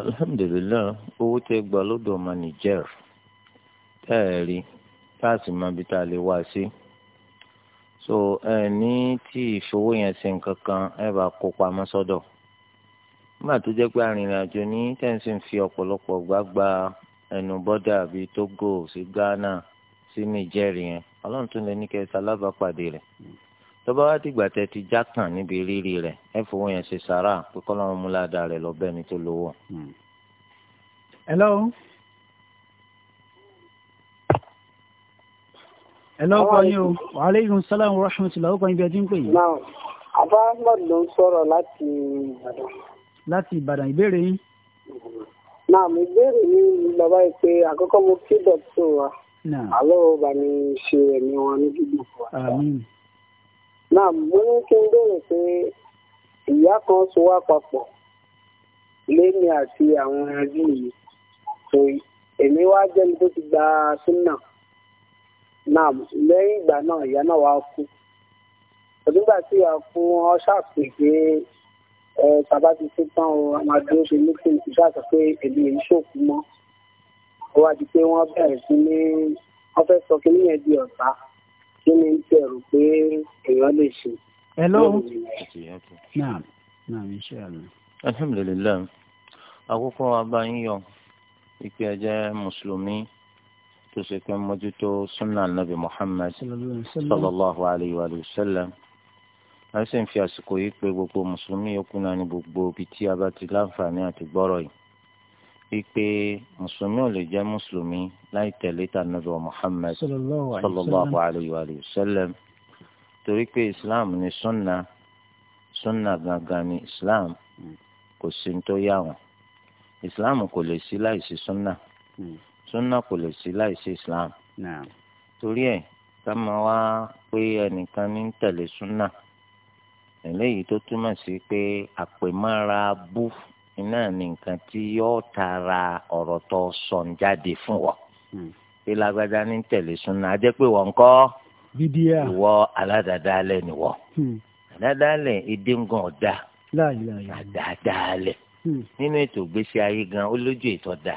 alhamdulilayi owó tẹ gbà lọ́dọ̀ ọmọ Niger ẹ rí táàsì máa bí tá a lè wá sí so ẹ ní tí ìṣòwò yẹn ṣe nǹkan kan ẹ bá kó pamọ́ sọ́dọ̀ nígbà tó jẹ́ pé arìnrìnàjò ní tẹ̀sí ń fi ọ̀pọ̀lọpọ̀ gbàgbà ẹnu bọ́dà bíi Togo sí Ghana sí Niger yẹn ọlọ́run tún lè ní kẹta alábàápàdé rẹ̀ tọ́ba wá dìgbà tẹ ti já kàn níbi rírì rẹ̀ ẹ fowó yẹn ṣe sàrà pé kọ́lọ́run múlá da rẹ̀ lọ́bẹ̀ ni tó lówó. hello. ẹlọ́pọ̀ yíò alaykum salam wa rahmatullah ọkọ̀ ibi ẹjí ń pè yìí. àbá ahmed ló ń sọ̀rọ̀ láti ìbàdàn. láti ìbàdàn ìbéèrè yín. náà mi béèrè ní bàbá yìí pé àkọ́kọ́ mo kí dọ̀tí wa àlọ́ bá mi ṣe ẹ̀mí wọn ní gbígbó wa. náà mo ní kí n béèrè pé ìyá kan so wá papọ̀ lémi àti àwọn ẹbí yìí èmi wá jẹ́ni tó ti gba súnà náà lẹ́yìn ìgbà náà ìyá náà wá kú òdúgbà tí ìyá kú wọn ṣàpè pé ẹ bàbá ti ṣe tán o a máa dúró ṣe mítìn tí ṣàtọ pé èmi èyí ṣòkú mọ ó wá di pé wọn bẹ̀rẹ̀ sí ní wọn fẹ́ẹ̀ sọ kí nìyẹn di ọ̀tá kí ni ń bẹ̀rù pé èèyàn lè ṣe. ẹ lọ́wọ́ alhamdulilayi akókó abayín yọ ìpè ẹ̀jẹ̀ tó ṣe pé mójútó súnà nàbì Muhammad sallallahu alayhi wa sallam a sì ń fi àsìkò yìí pé gbogbo mùsùlùmí yòókù náà ní gbogbo ibi tí a bá ti láǹfààní àti gbọ́rọ̀ ò lè jẹ́ mùsùlùmí láì tẹ̀lé tànàbì Muhammad sallallahu alayhi wa sallam torí pé Islam ni súnà súnà gangan ni Islam hmm. kò sí ní tó yà wọ́n Islam kò lè sí láì sí súnà. Hmm sunna kò lè sí láìsí islam torí ẹ̀ ká máa wá pé ẹnìkan ní tẹ̀lé sunna eléyìí tó túmọ̀ sí pé àpèmọ́ra bú iná ní nǹkan tí yóò tara ọ̀rọ̀ tó sọ̀n jáde fún wa hmm. pé lágbájá ní tẹ̀lé sunna á jẹ́ pé wọ́n kọ́ ìwọ aládàádáalẹ̀ nìwọ hmm. àdáadáalẹ̀ ìdíngan ọ̀dà àdáadáalẹ̀ hmm. nínú ètò ìgbésí ayé gan ó lójú ètò ọ̀dà.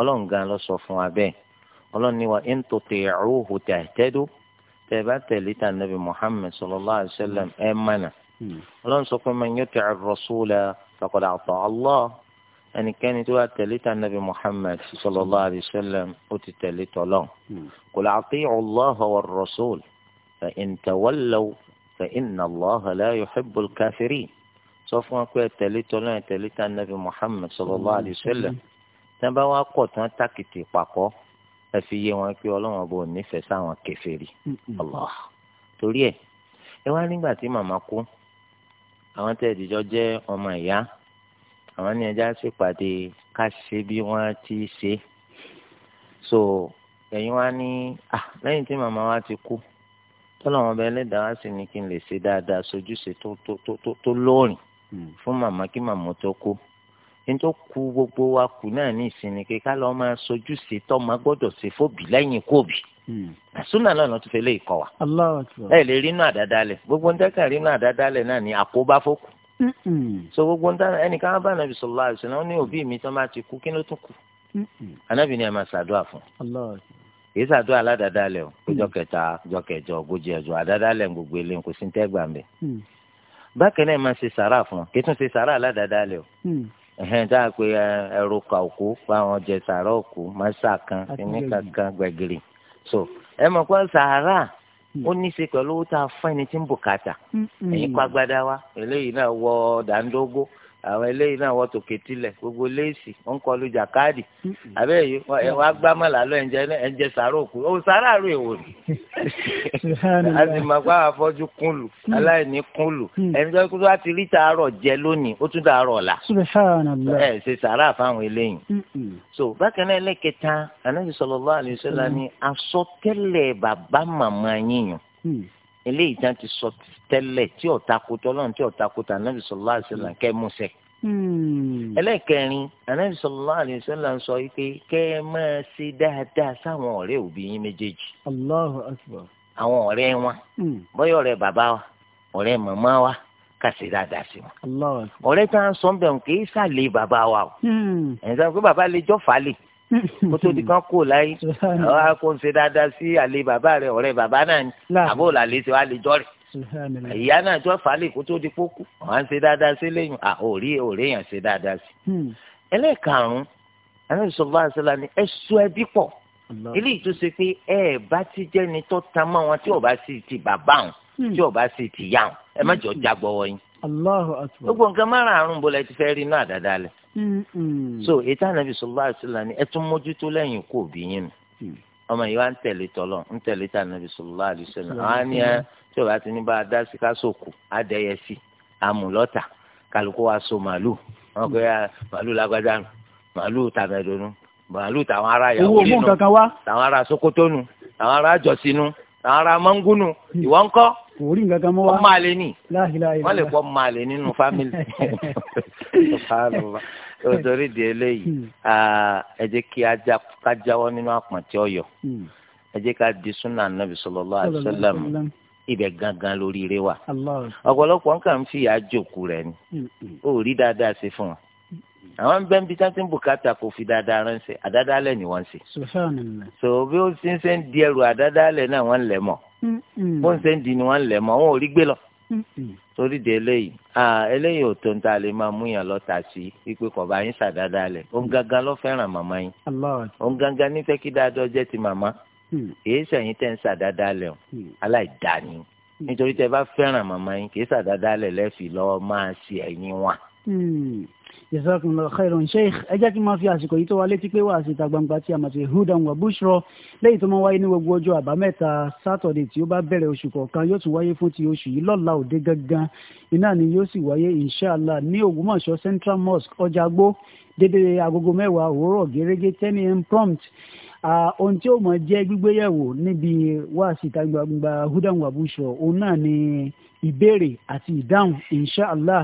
ọlọ́run gan lọ sọ fún wa bẹ́ẹ̀ ọlọ́run ní wa in tuti'uhu tahtadu tẹ́ ẹ bá tẹ̀lé tà nàbì Muhammad sallallahu alayhi wa sallam ẹ̀ mánà hmm. ọlọ́run sọ pé man yuti'ir rasula faqad ata Allah ẹnikẹ́ni tó bá tẹ̀lé tà nàbì Muhammad sallallahu alayhi wa sallam ó ti tẹ̀lé tọ́lọ́n hmm. qul ati'u Allaha war rasul fa in tawallaw fa inna Allaha la yuhibbul kafirin sọ sábà wá kọ̀ tán tákìtì papọ̀ ẹ fi yé wọn pé ọlọ́run bò nífẹ̀ẹ́ sáwọn kèfèrí Allah torí ẹ̀ ẹ wá nígbà tí màmá kú àwọn tẹ́ ìdíjọ́ jẹ́ ọmọ ìyá àwọn ní ẹja ṣèpàdé ká ṣe bí wọ́n ti ṣe so ẹ̀yin wá ní ah lẹ́yìn tí màmá wa ti kú tọ́lọ́wọ́n ọba ẹlẹ́dàá wá sí ni kí n lè ṣe dáadáa sojúṣe tó tó tó tó lóòrìn mm. fún màmá kí màmá tó kú nítorí kú gbogbo wa kù náà ní ìsinmi pé ká lọ́ọ́ máa sojú ṣe tọ́ máa gbọ́dọ̀ ṣe fóbi lẹ́yìn kóbi hmm. àsúnà náà lọ́ọ́ tún fẹ́ lè kọ́ wa ẹ lè rí inú àdádálẹ̀ gbogbo ń tẹ́kàn rí inú àdádálẹ̀ náà ní àkóbá fókù hmm. so gbogbo ń tẹ́kàn ẹnìkan bá nàbì sallallahu alaihi wasallam ní òbí mi tán bá ti kú kí ló tún kù anábì hmm. ni ẹ máa ṣàdúrà fún èyí ṣàdúrà aládàádálẹ̀ o ọjọ́ kẹta ọjọ́ kẹjọ ogójì ọjọ́ àdádálẹ̀ gbogbo eléyìí kò sí ní tẹ́gbàmbẹ́ bákan náà ẹ máa ṣe sàrà fún ọ kí tún ṣe sàrà aládàádálẹ̀ o ẹhẹn tá a pe ẹrù kà òkú pa àwọn jẹ sàárà òkú màsà kan kankan so ẹ mọ̀ pé sàárà hmm. ó ní í ṣe pẹ̀lú owó tá a fún ẹni tí hmm, hmm. wọ àwọn eléyìí náà wọ́n tó ketílẹ̀ gbogbo léèsì wọ́n kọ́ lu jàkáàdì àbẹ́ yìí wọ́n á gbá mọ́lá lọ ẹ̀ǹjẹ́ ẹ̀ǹjẹ́ sàárò kù ó sàárà rò èwo ni. a sì máa gbá afọ́jú kún lù mm. aláìní kún lù mm. ẹ̀ǹjẹ́ kó tó bá ti rí tààrọ̀ jẹ lónìí ó tún dàárọ̀ la. ẹ ṣe sàárà fáwọn eléyìí. so bákan náà ẹlẹ́kẹta anábì sallallahu alaihi wasallam ni mm. asọtẹ́lẹ̀ bàbá màmá yíyan eléyìí tán ti sọ tẹ́lẹ̀ tí ó tako tọ́lọ́run tí ó tako tà nàbì sallallahu alaihi wasallam kẹ́ mú ṣẹ. Hmm. ẹlẹ́kẹrin ànábì sallallahu alaihi wasallam sọ pé kẹ́ ẹ máa ṣe dáadáa sáwọn ọ̀rẹ́ òbí yín méjèèjì. Allahu akbar. àwọn ọ̀rẹ́ wọn hmm. bọ́yọ̀ ọ̀rẹ́ bàbá wa ọ̀rẹ́ màmá wa ká ṣe dáadáa sí wọn. Allahu akbar. ọ̀rẹ́ tá à ń sọ ń bẹ̀rù kì í sàlẹ̀ bàbá wa o. Hmm. ẹ̀yin sábà pé bàbá lè jọ́ fàálẹ̀ kótó di kan kó láyé ọ á dáadáa sí àlè bàbá rẹ ọ̀rẹ́ bàbá náà ni àbó làlè ṣe wàá jọ rẹ ìyá náà tí wọ́n fà á lè kó tó di pókú wọ́n á ń ṣe dáadáa sí lẹ́yìn à òrí òrí èèyàn ṣe dáadáa sí. Hmm. ẹlẹ́ẹ̀karùn-ún anábì sọ báyìí sọlá ni ẹ sọ ẹbí pọ̀ eléyìí tó ṣe pé ẹ bá ti jẹ́ni tó ta mọ́ wọn tí ò bá sì ti bàbá wọn hmm. tí ò bá sì ti yá wọn ẹ má jọ hmm. jágbọ́ wọ yín. gbogbo nǹkan márùn-ún bó la ti fẹ́ rí náà dáadáa lẹ̀. so ètò anábì sọ báyìí sọlá ni ẹ tún mójútó lẹ́yìn kó òbí yín nù ọmọ yìí wá ń tẹ̀lé tọ́lọ̀ ń tẹ̀lé tà nàbì sallallahu alaihi wasallam àwọn á ní ẹ tí ò bá ti ní bá a dá sí ká sòkò á dẹyẹ sí amúlọ́tà kálukú wa so màálù wọn kò yà màálù lágbájá nù màálù tàmẹ̀dọ̀nù màálù tàwọn ará yàwó nínú tàwọn ará sokoto nù tàwọn ará jọ̀sínú tàwọn ará mọ́ngúnù ìwọ ńkọ́ orí nǹkan kan mọ́ wa wọ́n máa lè ní wọ́n lè pọ́ máa lè nínú fámìlì torí di eléyìí hmm. ẹ jẹ́ kí a jáwọ́ nínú àpọ̀ntí ọ̀yọ́ hmm. ẹ jẹ́ ká di súnà nàbì sallallahu alaihi wasallam ibẹ̀ gangan lórí rẹ wà ọ̀pọ̀lọpọ̀ nǹkan ń fìyà jòkú rẹ ni hmm, ó rí dáadáa sí fún wa àwọn ń bẹ́ ń bí tá ti ń bùkátà kò fi dáadáa ránṣẹ́ àdádálẹ̀ ni wọ́n ń ṣe. so bí ó ti ń ṣe ń di ẹrù àdádálẹ̀ náà wọ́n ń lẹ̀ mọ́ bó ń ṣe ń di ni wọ́n ń lẹ̀ wọn ò rí gbé lọ. Mm-hmm. torí de eléyìí eléyìí ò tó ń ta lè máa mú yàn lọ́ta sí wípé kọ̀ọ̀bá yín ṣàdáadáa lẹ̀ òun gangan ló fẹ́ràn màmá yín òun gangan nífẹ̀ẹ́ kí dáadọ́ jẹ́ ti màmá mm-hmm. kìí sẹ̀yìn tẹ̀ ń ṣàdáadáa lẹ̀ mm-hmm. aláìdáni nítorí tẹ bá fẹ́ràn màmá yín kìí ṣàdáadáa lẹ̀ lẹ́fì lọ́ọ́ máa ṣe ẹ̀yìn wa jazakumullahu khairan sheikh ẹ jẹ́ kí n máa fi àsìkò yìí tó wa létí pé wàásù ìta gbangba tí a máa ṣe hudan wa bushra lẹ́yìn tó máa wáyé ní gbogbo ọjọ́ àbámẹ́ta sátọ̀dẹ̀ tí ó bá bẹ̀rẹ̀ oṣù kọ̀ọ̀kan yóò tún wáyé fún ti oṣù yìí lọ́la òde gangan iná ni yóò sì wáyé inshallah ní Ògbómọ̀ṣọ́ Central Mosque ọjà gbó dédé agogo mẹ́wàá òwúrọ̀ gẹ́gẹ́ ten a.m. prompt ohun tí ó mọ̀ jẹ́ gbígbéyẹ̀wò níbi wáàsí ìta gbangba hudan wabushọ òun náà ni ìbéèrè àti ìdáhùn inshallah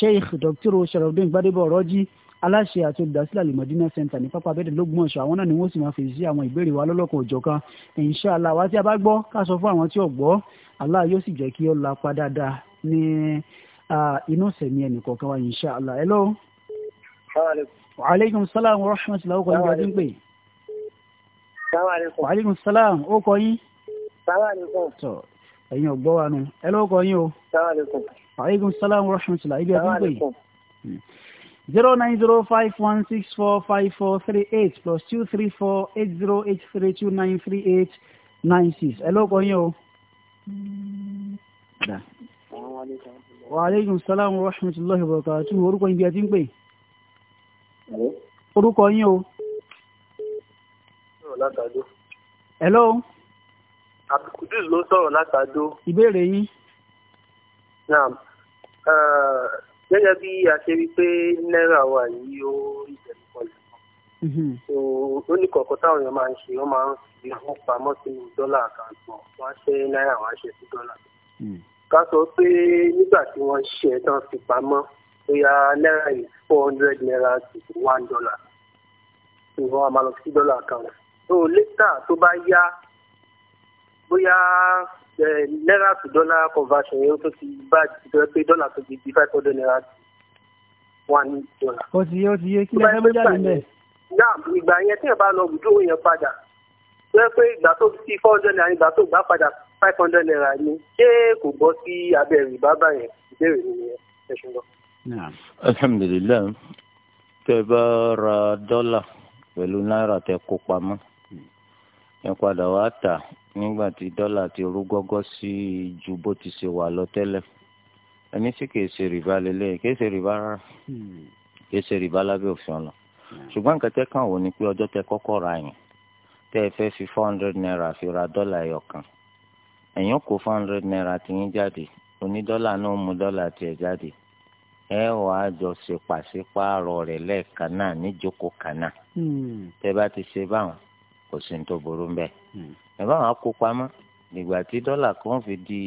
Sheikh Dr. sharafdin gbadebo rọ́jí aláṣẹ àti olùdásílẹ̀ alimọ̀dínà center ní pápá abẹ́dẹ̀ lógún ọ̀ṣọ́ àwọn náà ni wọ́n sì máa fèsì àwọn ìbéèrè wa lọ́lọ́kan òjọ̀kan inshallah wá tí a bá gbọ́ ká sọ fún àwọn tí ò gbọ́ Allah yóò sì jẹ́ kí ó lapa dáadáa ní inú sẹ̀mí ẹnìkọ̀ọ̀kan wa inshallah hello. wa aleykum salaam wa rahmatullahi wa barakatuh. Wa alaikum salaam ó kọ yín. Sọ ẹ̀yin ọ̀gbọ́ wa nù. Ẹ o kọ yín o. Wa alaikum salaam wa rahmatullah ibi ẹ̀dùn pè. Hmm. zero nine zero five one six four five four three eight plus two three four eight zero eight three two nine three eight nine six. Ẹ o kọ yín o. Wa alaikum salaam wa rahmatullah wa barakatuh. Orúkọ yín bí ẹ ti ń pè. Orúkọ yín o sọ̀rọ̀ látàdó. hello. abdulkudus ló sọ̀rọ̀ látàdó. ìbéèrè yín. naam gẹ́gẹ́ bí a ṣe rí pé náírà wa yìí ó ìbẹ̀rù pọ̀lù. Mhm. ó ní kọ̀ọ̀kan táwọn èèyàn máa ń ṣe wọ́n máa ń fi owó pamọ́ sínú dọ́là àkáǹtì wọn wọ́n á ṣe náírà wọ́n á ṣe sí dọ́là. Hmm. ká sọ pé nígbà tí wọ́n ṣe ẹ̀ tán fi pamọ́ bóyá náírà yìí four hundred naira to one dollar. ìwọ̀n a máa lọ sí dọ́là àkáǹtì so later tó bá yá bóyá náírà to dollar conversion yẹn tó ti bá jẹ́ pé dọ́là tó ti di five hundred naira one dollar. ó ti yé ó ti yé kí lẹ́yìn mẹ́jọ lè mẹ́. náà ìgbà yẹn tí ẹ bá lọ ojú yẹn padà jẹ́ pé ìgbà tó ti four hundred naira ìgbà tó gbà padà five hundred naira ni ṣé kò bọ́ sí abẹ́ rìbá báyẹn ìbéèrè nìyẹn ẹ ṣùgbọ́n. alhamdulilayi tẹ bá ra dọ́là pẹ̀lú náírà tẹ kó pamọ́ yẹn padà wá nígbà tí dọ́là ti rú gọ́gọ́ sí i ju bó ti ṣe wà lọ tẹ́lẹ̀ ẹni sì kìí ṣe rìbá lélẹ̀ kìí ṣe rìbá rárá kìí ṣe rìbá lábẹ́ òfin ọ̀nà ṣùgbọ́n nǹkan tẹ́ pé ọjọ́ kọ́kọ́ ra yẹn fi four naira fi ra dọ́là kan naira ti yín jáde onídọ́là náà mú dọ́là tiẹ̀ jáde ẹ wàá jọ ṣe pàṣípààrọ̀ rẹ̀ lẹ́ẹ̀kan náà níjókòó kan náà hmm. ṣe báwọn kò sí ní tó burú ń bẹ. Hmm. ẹ bá wọn kó pamọ́ ìgbà tí dọ́là kan fi di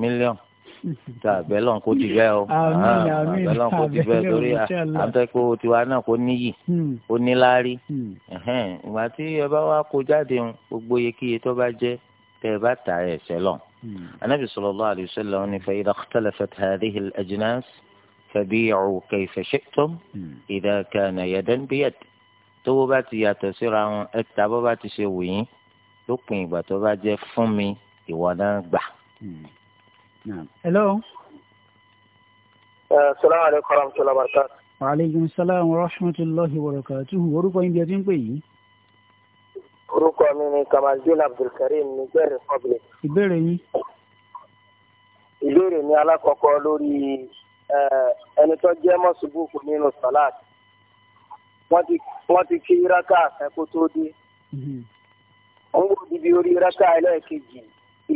mílíọ̀nù tá a bẹ̀ lọ́n kó ti bẹ́ẹ̀ o ah, bẹ̀ lọ́n kó ti bẹ́ẹ̀ torí àtẹ́kọ́ tiwa náà kó níyì hmm. ó níláárí hmm. ìgbà tí ẹ bá wá kó jáde ń gbogbo iyekíye tó bá jẹ́ tẹ́ ẹ bá ta ẹ̀sẹ̀ lọ. anabi sallallahu alayhi wa sallam ní fa idha ikhtalafat hadhihi al-ajnas fabi'u kayfa shi'tum idha kana yadan biyad tówó bá ti yàtọ̀ síra wọn ẹ ta bó bá ti ṣe wù yín lópin ìgbà tó bá jẹ́ fún mi ìwọ náà gbà. hello. salaamu aleykum wa rahmatulahi wa salaam wa rahmatulahi wa barakatuh orúkọ yín bí ẹ ti ń pè yìí. orúkọ mi ni kamaldeen abdulkareem niger republic. ìbéèrè yín. ìbéèrè mi alákọ̀ọ́kọ́ lórí ẹni jẹ́ mọ́sùbùkù nínú salat wọ́n ti kí rákà kan kó tó dé. Mhm. wọ́n wò níbi orí rákà ẹlẹ́ẹ̀kejì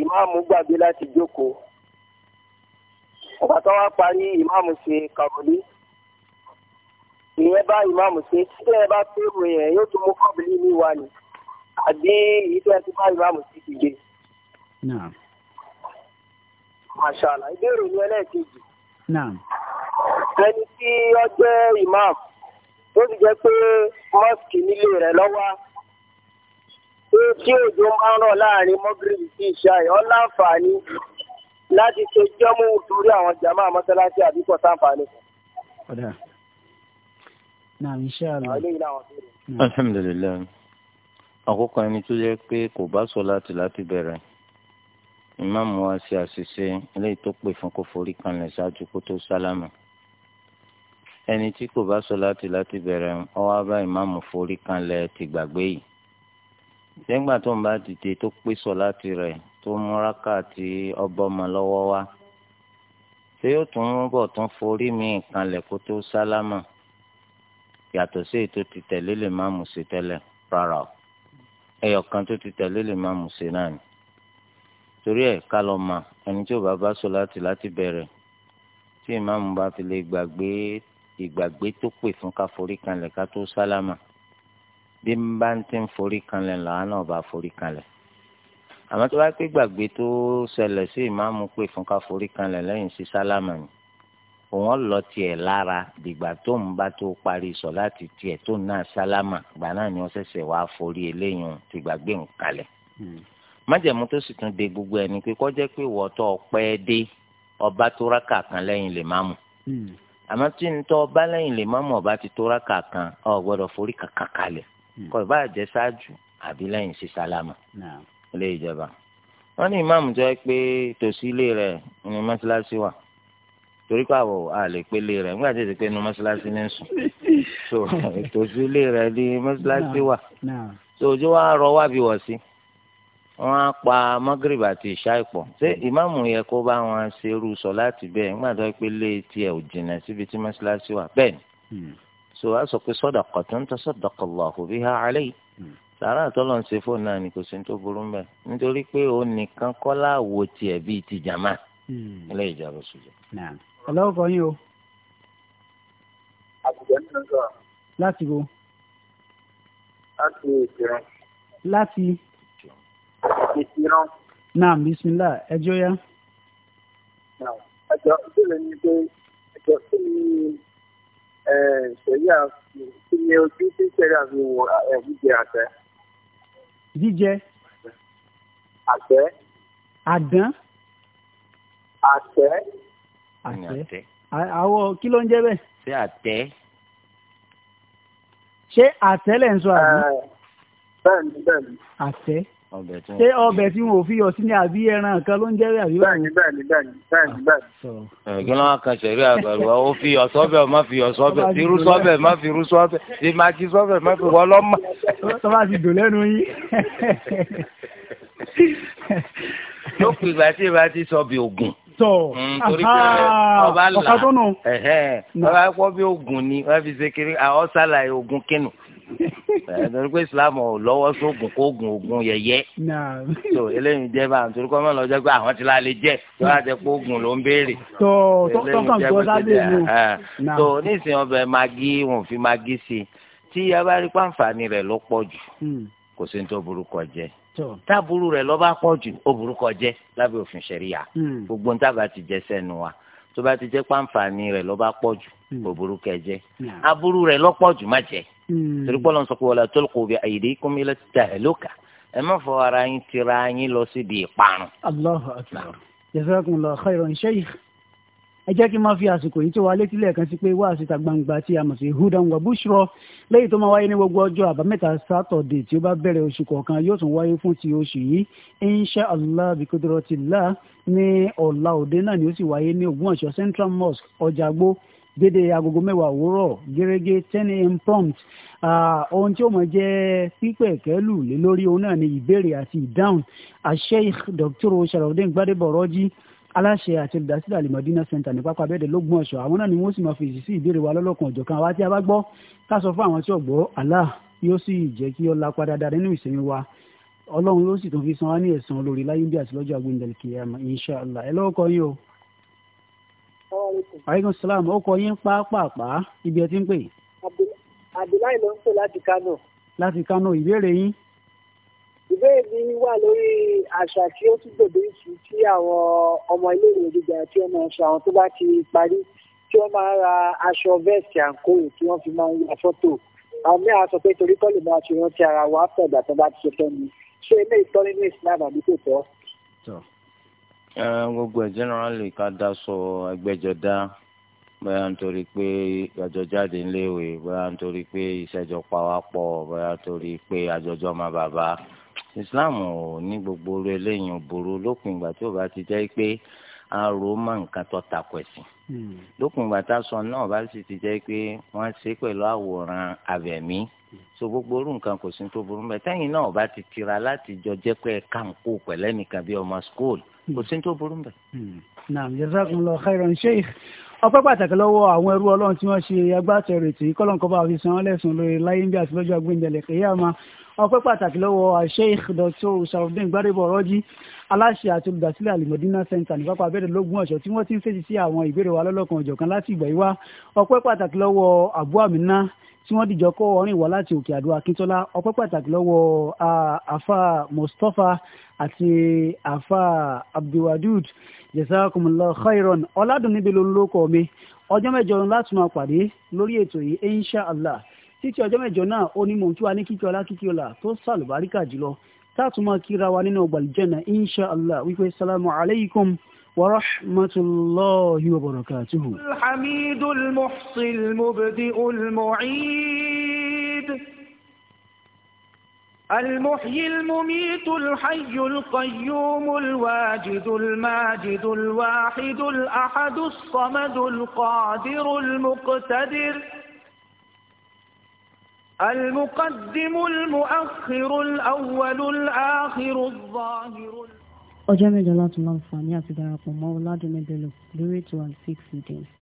ìmáàmù gbàgbé láti jókòó. ọ̀gá tó wá parí ìmáàmù ṣe kàbọ̀lì ìyẹn bá ìmáàmù ṣe tí ẹ bá fẹ́rù yẹn yóò tún mú kọ́bìlì ní wa ni àbí èyí tí ẹ ti bá ìmáàmù ṣe ti gbé. màṣàlá ìbéèrè ní ẹlẹ́ẹ̀kejì. ẹni tí ó jẹ́ ìmáàmù ó sì jẹ́ pé mọ́sìkì nílé rẹ̀ lọ́wọ́ pé tí òjò máa ń rọ̀ láàrin mọ́gìrìbì sí ìṣáì ọ̀làǹfààní láti ṣe jọ́mú torí àwọn jàmá mọ́sálásí àdúgbò sáǹfààní. Naam, inshallah. alhamdulilayi àkókò ẹni tó yẹ pé kò bá sọ láti láti bẹ̀rẹ̀ ìmáàmù wa ṣe àṣìṣe eléyìí tó pè fún kó forí kanlẹ̀ ṣáájú kó tó sálámù ẹni tí kò bá sọ láti láti bẹ̀rẹ̀ ọ wá bá ìmáàmù forí kanlẹ̀ ti gbàgbé yìí sẹ́gbà tó ń bá dìde tó pé sọ láti rẹ̀ tó múra káàtì ọbọ̀mọ lọ́wọ́ wá ṣé yóò tún bọ̀ tún forí mi kanlẹ̀ kó tó sálámà yàtọ̀ sí èyí tó ti tẹ̀lé lè máàmù tẹ́lẹ̀ rárá o ẹyọ tó ti tẹ̀lé lè máàmù ṣe náà ni torí ẹ̀ ká lọ mà ẹni tí ò bá bá sọ láti láti bẹ̀rẹ̀ tí ìmáàmù bá fi lè gbàgbé ìgbàgbé tó pè fún ká forí kanlẹ̀ ká tó sálámà bí n bá ń ti ń forí kanlẹ̀ làwọn náà bá forí kanlẹ̀ àmọ́ tó bá pé gbàgbé tó ṣẹlẹ̀ sí ìmáàmù pè fún ká forí kanlẹ̀ lẹ́yìn sí sálámà ni òun lọ tiẹ̀ lára dìgbà tó ń bá tó parí sọ láti tiẹ̀ tó náà sálámà gbà náà ni wọ́n ṣẹ̀ṣẹ̀ wá forí eléyìí ti gbàgbé ń kalẹ̀ hmm. májẹ̀mú tó sì tún de gbogbo ẹni pé kọ́jẹ́ pé wọ́tọ̀ pẹ́ dé ọba tó rákà kan lẹ́yìn lè máàmù hmm àmọ́ tí n tọ́ bálẹ̀yìn lè má mọ̀ bá ti tó rákà kan ọ̀ gbọ́dọ̀ forí kàkà kalẹ̀ hmm. kọ́ ìbá jẹ́ ṣáájú àbí lẹ́yìn sí sálámà ilé ìjọba. wọ́n ní ìmáàmù jẹ́ pé tòsí ilé rẹ̀ ní mọ́ṣáláṣí wà torí pé àwọ̀ a pé ilé rẹ̀ nígbà tí èdè pé inú mọ́ṣáláṣí ní sùn so tòsí ilé rẹ̀ ní mọ́ṣáláṣí wà so òjò wa rọ wá sí wọn á pa magrib àti ìṣáì pọ̀ ṣé ìmáàmù yẹ kó bá wọn ṣe irú sọ láti bẹ́ẹ̀ nígbà tó pé lé tiẹ̀ ò jìnnà síbi tí mọ́ṣáláṣí wà bẹ́ẹ̀ ni hmm. so a sọ pé sadaqatan tasaddaqallahu biha alayhi hmm. sàrà àtọ́lọ̀ ń ṣe fóònù náà ni kò sí tó burú mbẹ́ nítorí pé òun nìkan kọ́ láwo tiẹ̀ bíi ti jàmá hmm. ilé ìjọba ṣùgbọ́n. ọlọ́wọ́ kan yín o. àbùdá ní ọjọ́. láti wo. láti ìkìrọ̀. láti ìṣirán. náà bisimilá ẹjọ́ yá. ẹjọ́ ìbéèrè ni pé ẹjọ́ kí ni ṣẹ̀yà kí ni ojú tí ṣẹ̀yà fi wọ jíjẹ àtẹ. jíjẹ. àtẹ. àdán. àtẹ. àtẹ. àwọ̀ kí ló ń jẹ́ bẹ́ẹ̀. ṣé àtẹ. ṣé àtẹ lẹ̀ ń sọ àbí. bẹ́ẹ̀ni bẹ́ẹ̀ni. àtẹ ṣé ọbẹ̀ tí wọn ò fi yọ sí ni àbí ẹran kan ló ń jẹ́ rẹ̀ àbí. báyìí báyìí báyìí báyìí báyìí. kí ló ń kan ṣẹ̀rí àgbàlùwà ó fi yọ sọ́bẹ̀ má fi yọ sọ́bẹ̀ ti rú sọ́bẹ̀ má fi rú sọ́bẹ̀ ti máa kí sọ́bẹ̀ má fi wọ́ lọ́mọ. tó bá ti dùn lẹ́nu yín. lópin ìgbà tí ìbá ti sọ bí ogun tọ hmm, ọba là ọba kọ bí ogun ni wọn fi ṣe kiri àwọn sálàyé nítorí pé islam ò lọ́wọ́ sóògùn kóògùn ògùn yẹyẹ tó eléyìí jẹ́ bá nítorí kọ́ mọ́ lọ jẹ́ pé àwọn ti lálẹ́ jẹ́ tó bá jẹ́ kóògùn ló ń béèrè. tó tọkàn gbọ́ lálẹ́ mi. tó nísìnyí ọbẹ̀ magi wọn fi magi sí i tí a bá rí pàǹfààní rẹ̀ ló pọ̀ jù hmm. kò sí ní tó burúkọ jẹ́ táàbùrù rẹ̀ lọ́ bá pọ̀ jù ó burúkọ jẹ́ lábẹ́ òfin ṣẹ̀ríyà hmm. gbogbo ní tábà ti jẹ́ sẹ́nu wa tó bá ti jẹ́ pàǹfààní rẹ̀ ló bá pọ̀ jù hmm. kò burú kẹ́ jẹ hmm. aburú rẹ̀ ló pọ̀ jù má jẹ hmm. torí pọ́lọ́n sọ pé wala tulqu bi aydikum ila tahluka ẹ má fọ ara yín tira yín lọ síbi ìparun. Allahu akbar jazakumullahu khairan sheikh ẹ jẹ́ kí n máa fi àsìkò yìí tó wa létí lẹ́ẹ̀kan sí pé wáàsí ta gbangba tí a mọ̀ sí hudan wa bushro lẹ́yìn tó máa wáyé ní gbogbo ọjọ́ àbámẹ́ta sátọ̀dẹ̀ tí ó bá bẹ̀rẹ̀ oṣù kọ̀ọ̀kan yóò tún wáyé fún ti oṣù yìí insha allah bikudurotillah ní ọ̀la òde náà ni ó sì wáyé ní ògbómọ̀ṣọ́ central mosque ọjàgbó dédé agogo mẹ́wàá òwúrọ̀ gẹ́gẹ́ ten am prompt ohun tí ó mọ̀ jẹ́ pípẹ́ kẹ́lù lé lórí òun náà ni ìbéèrè àti ìdáhùn àṣẹ dr sharafdin gbadebo rọ́jí aláṣẹ àti olùdásílẹ̀ alimọ̀dínà center ní pápá abẹ́ẹ̀dẹ̀ lógún ọ̀ṣọ́ àwọn náà ni wọ́n sì máa fi èsì sí ìbéèrè wa lọ́lọ́kan ọ̀jọ̀kan àwa tí a bá gbọ́ ká sọ fún àwọn tí ò gbọ́ Allah yóò sì jẹ́ kí ó lápá dáadáa nínú ìsinmi wa ọlọ́run yóò sì tún fi san wá ní ẹ̀san olórí láyé bí àti lọ́jọ́ àgbéǹdẹ̀lì kìyàmà insha Allah ẹ lọ́wọ́ kọ yín o. aleykum salaam ó kọ yín pápápá ibi ẹ ti ń pè. àbíláì ló ń pè láti Kano. láti Kano ìbéèrè yín ìbéèrè mi wà lórí àṣà tí ó tún gbòde ìsú tí àwọn ọmọ iléèwé gíga tí wọ́n máa àwọn tó bá ti parí tí wọ́n máa ń ra aṣọ vẹ́ẹ̀sì àǹkó tí wọ́n fi máa ń ya fọ́tò àwọn mẹ́ta sọ pé torí kọ́ lè máa ṣe rántí ara wa after ìgbà tó bá ti ṣe tán ni ṣé ilé ìtọ́ nínú ìsìlámù àbí kò tọ́. gbogbo ẹ̀ generally ká dá sọ ẹgbẹ́jọdá bóyá nítorí pé àjọjáde ńléèwé bóyá nítorí pé ìṣẹ́jọ pawápọ̀ bóyá nítorí pé àjọjọ́ má bàbá islam ò ní gbogbo orí eléyìí ò ború lópin ìgbà tí ò bá ti jẹ́ pé arò mọ nǹkan tó takò ẹ̀sìn hmm. lópin ìgbà tá a sọ náà bá sì ti jẹ́ pé wọ́n ṣe pẹ̀lú àwòrán abẹ̀mí so gbogbo orú nǹkan kò sí tó burú mẹ́ẹ̀ tẹ́yìn náà bá ti tira láti jọ jẹ́ pé ẹ̀ka ń kó pẹ̀lẹ́ nìkan bí ọmọ school kò sí tó burú mẹ́ẹ̀. Hmm. naam jazakumullahu khairan sheikh ọpẹ́ pàtàkì lọ́wọ́ àwọn ẹrú ọlọ́run tí wọ́n ṣe agbátẹrù ètò yìí bá fi san án lẹ́sùn lórí láyé ń bí àtúbọ̀jọ́ agbẹ́ndẹ̀lẹ̀ kéèyàn máa ọpẹ́ pàtàkì lọ́wọ́ sheikh dr sharafdin gbadebo ọ̀rọ́jì aláṣẹ àti olùdásílẹ̀ alimọ̀dínà center ní pápá abẹ́rẹ́ lógún ọ̀ṣọ́ tí wọ́n ti ń fèsì sí àwọn ìbéèrè wa lọ́lọ́kan ọ̀jọ̀kan láti ìgbà yìí wá ọpẹ́ pàtàkì lọ́wọ́ abu amina tí wọ́n dìjọ kọ́ orin wá láti òkè àdó akíntola ọpẹ́ pàtàkì lọ́wọ́ afa mustapha àti afa abdulwadud jazakumullahu khairan ọ̀làdùn níbi lóńlọ́kọ̀ mi ọjọ́ mẹ́jọ láti máa pàdé lórí ètò yìí títí ọjọ́ mẹ́jọ náà ó ní mò ń kí wa ní kíkí ọlá kíkí ọlá tó sàlùbáríkà jùlọ táàtúmọ̀ kíra wa nínú ọgbàlùjẹ́nà insha allah wípé salamu alaykum wa rahmatulahi wa barakatuhu. alhamidul muhsin mubdi'ul mu'id. المحيي المميت الحي القيوم الواجد الماجد الواحد الأحد الصمد القادر المقتدر المقدم المؤخر الأول الآخر الظاهر ọjọ́ mẹ́jọ láti lọ́nfà ní àti darapọ̀ mọ́ ọládùn mẹ́bẹ̀lú lórí ètò àti fíìkì fìdíẹ̀sì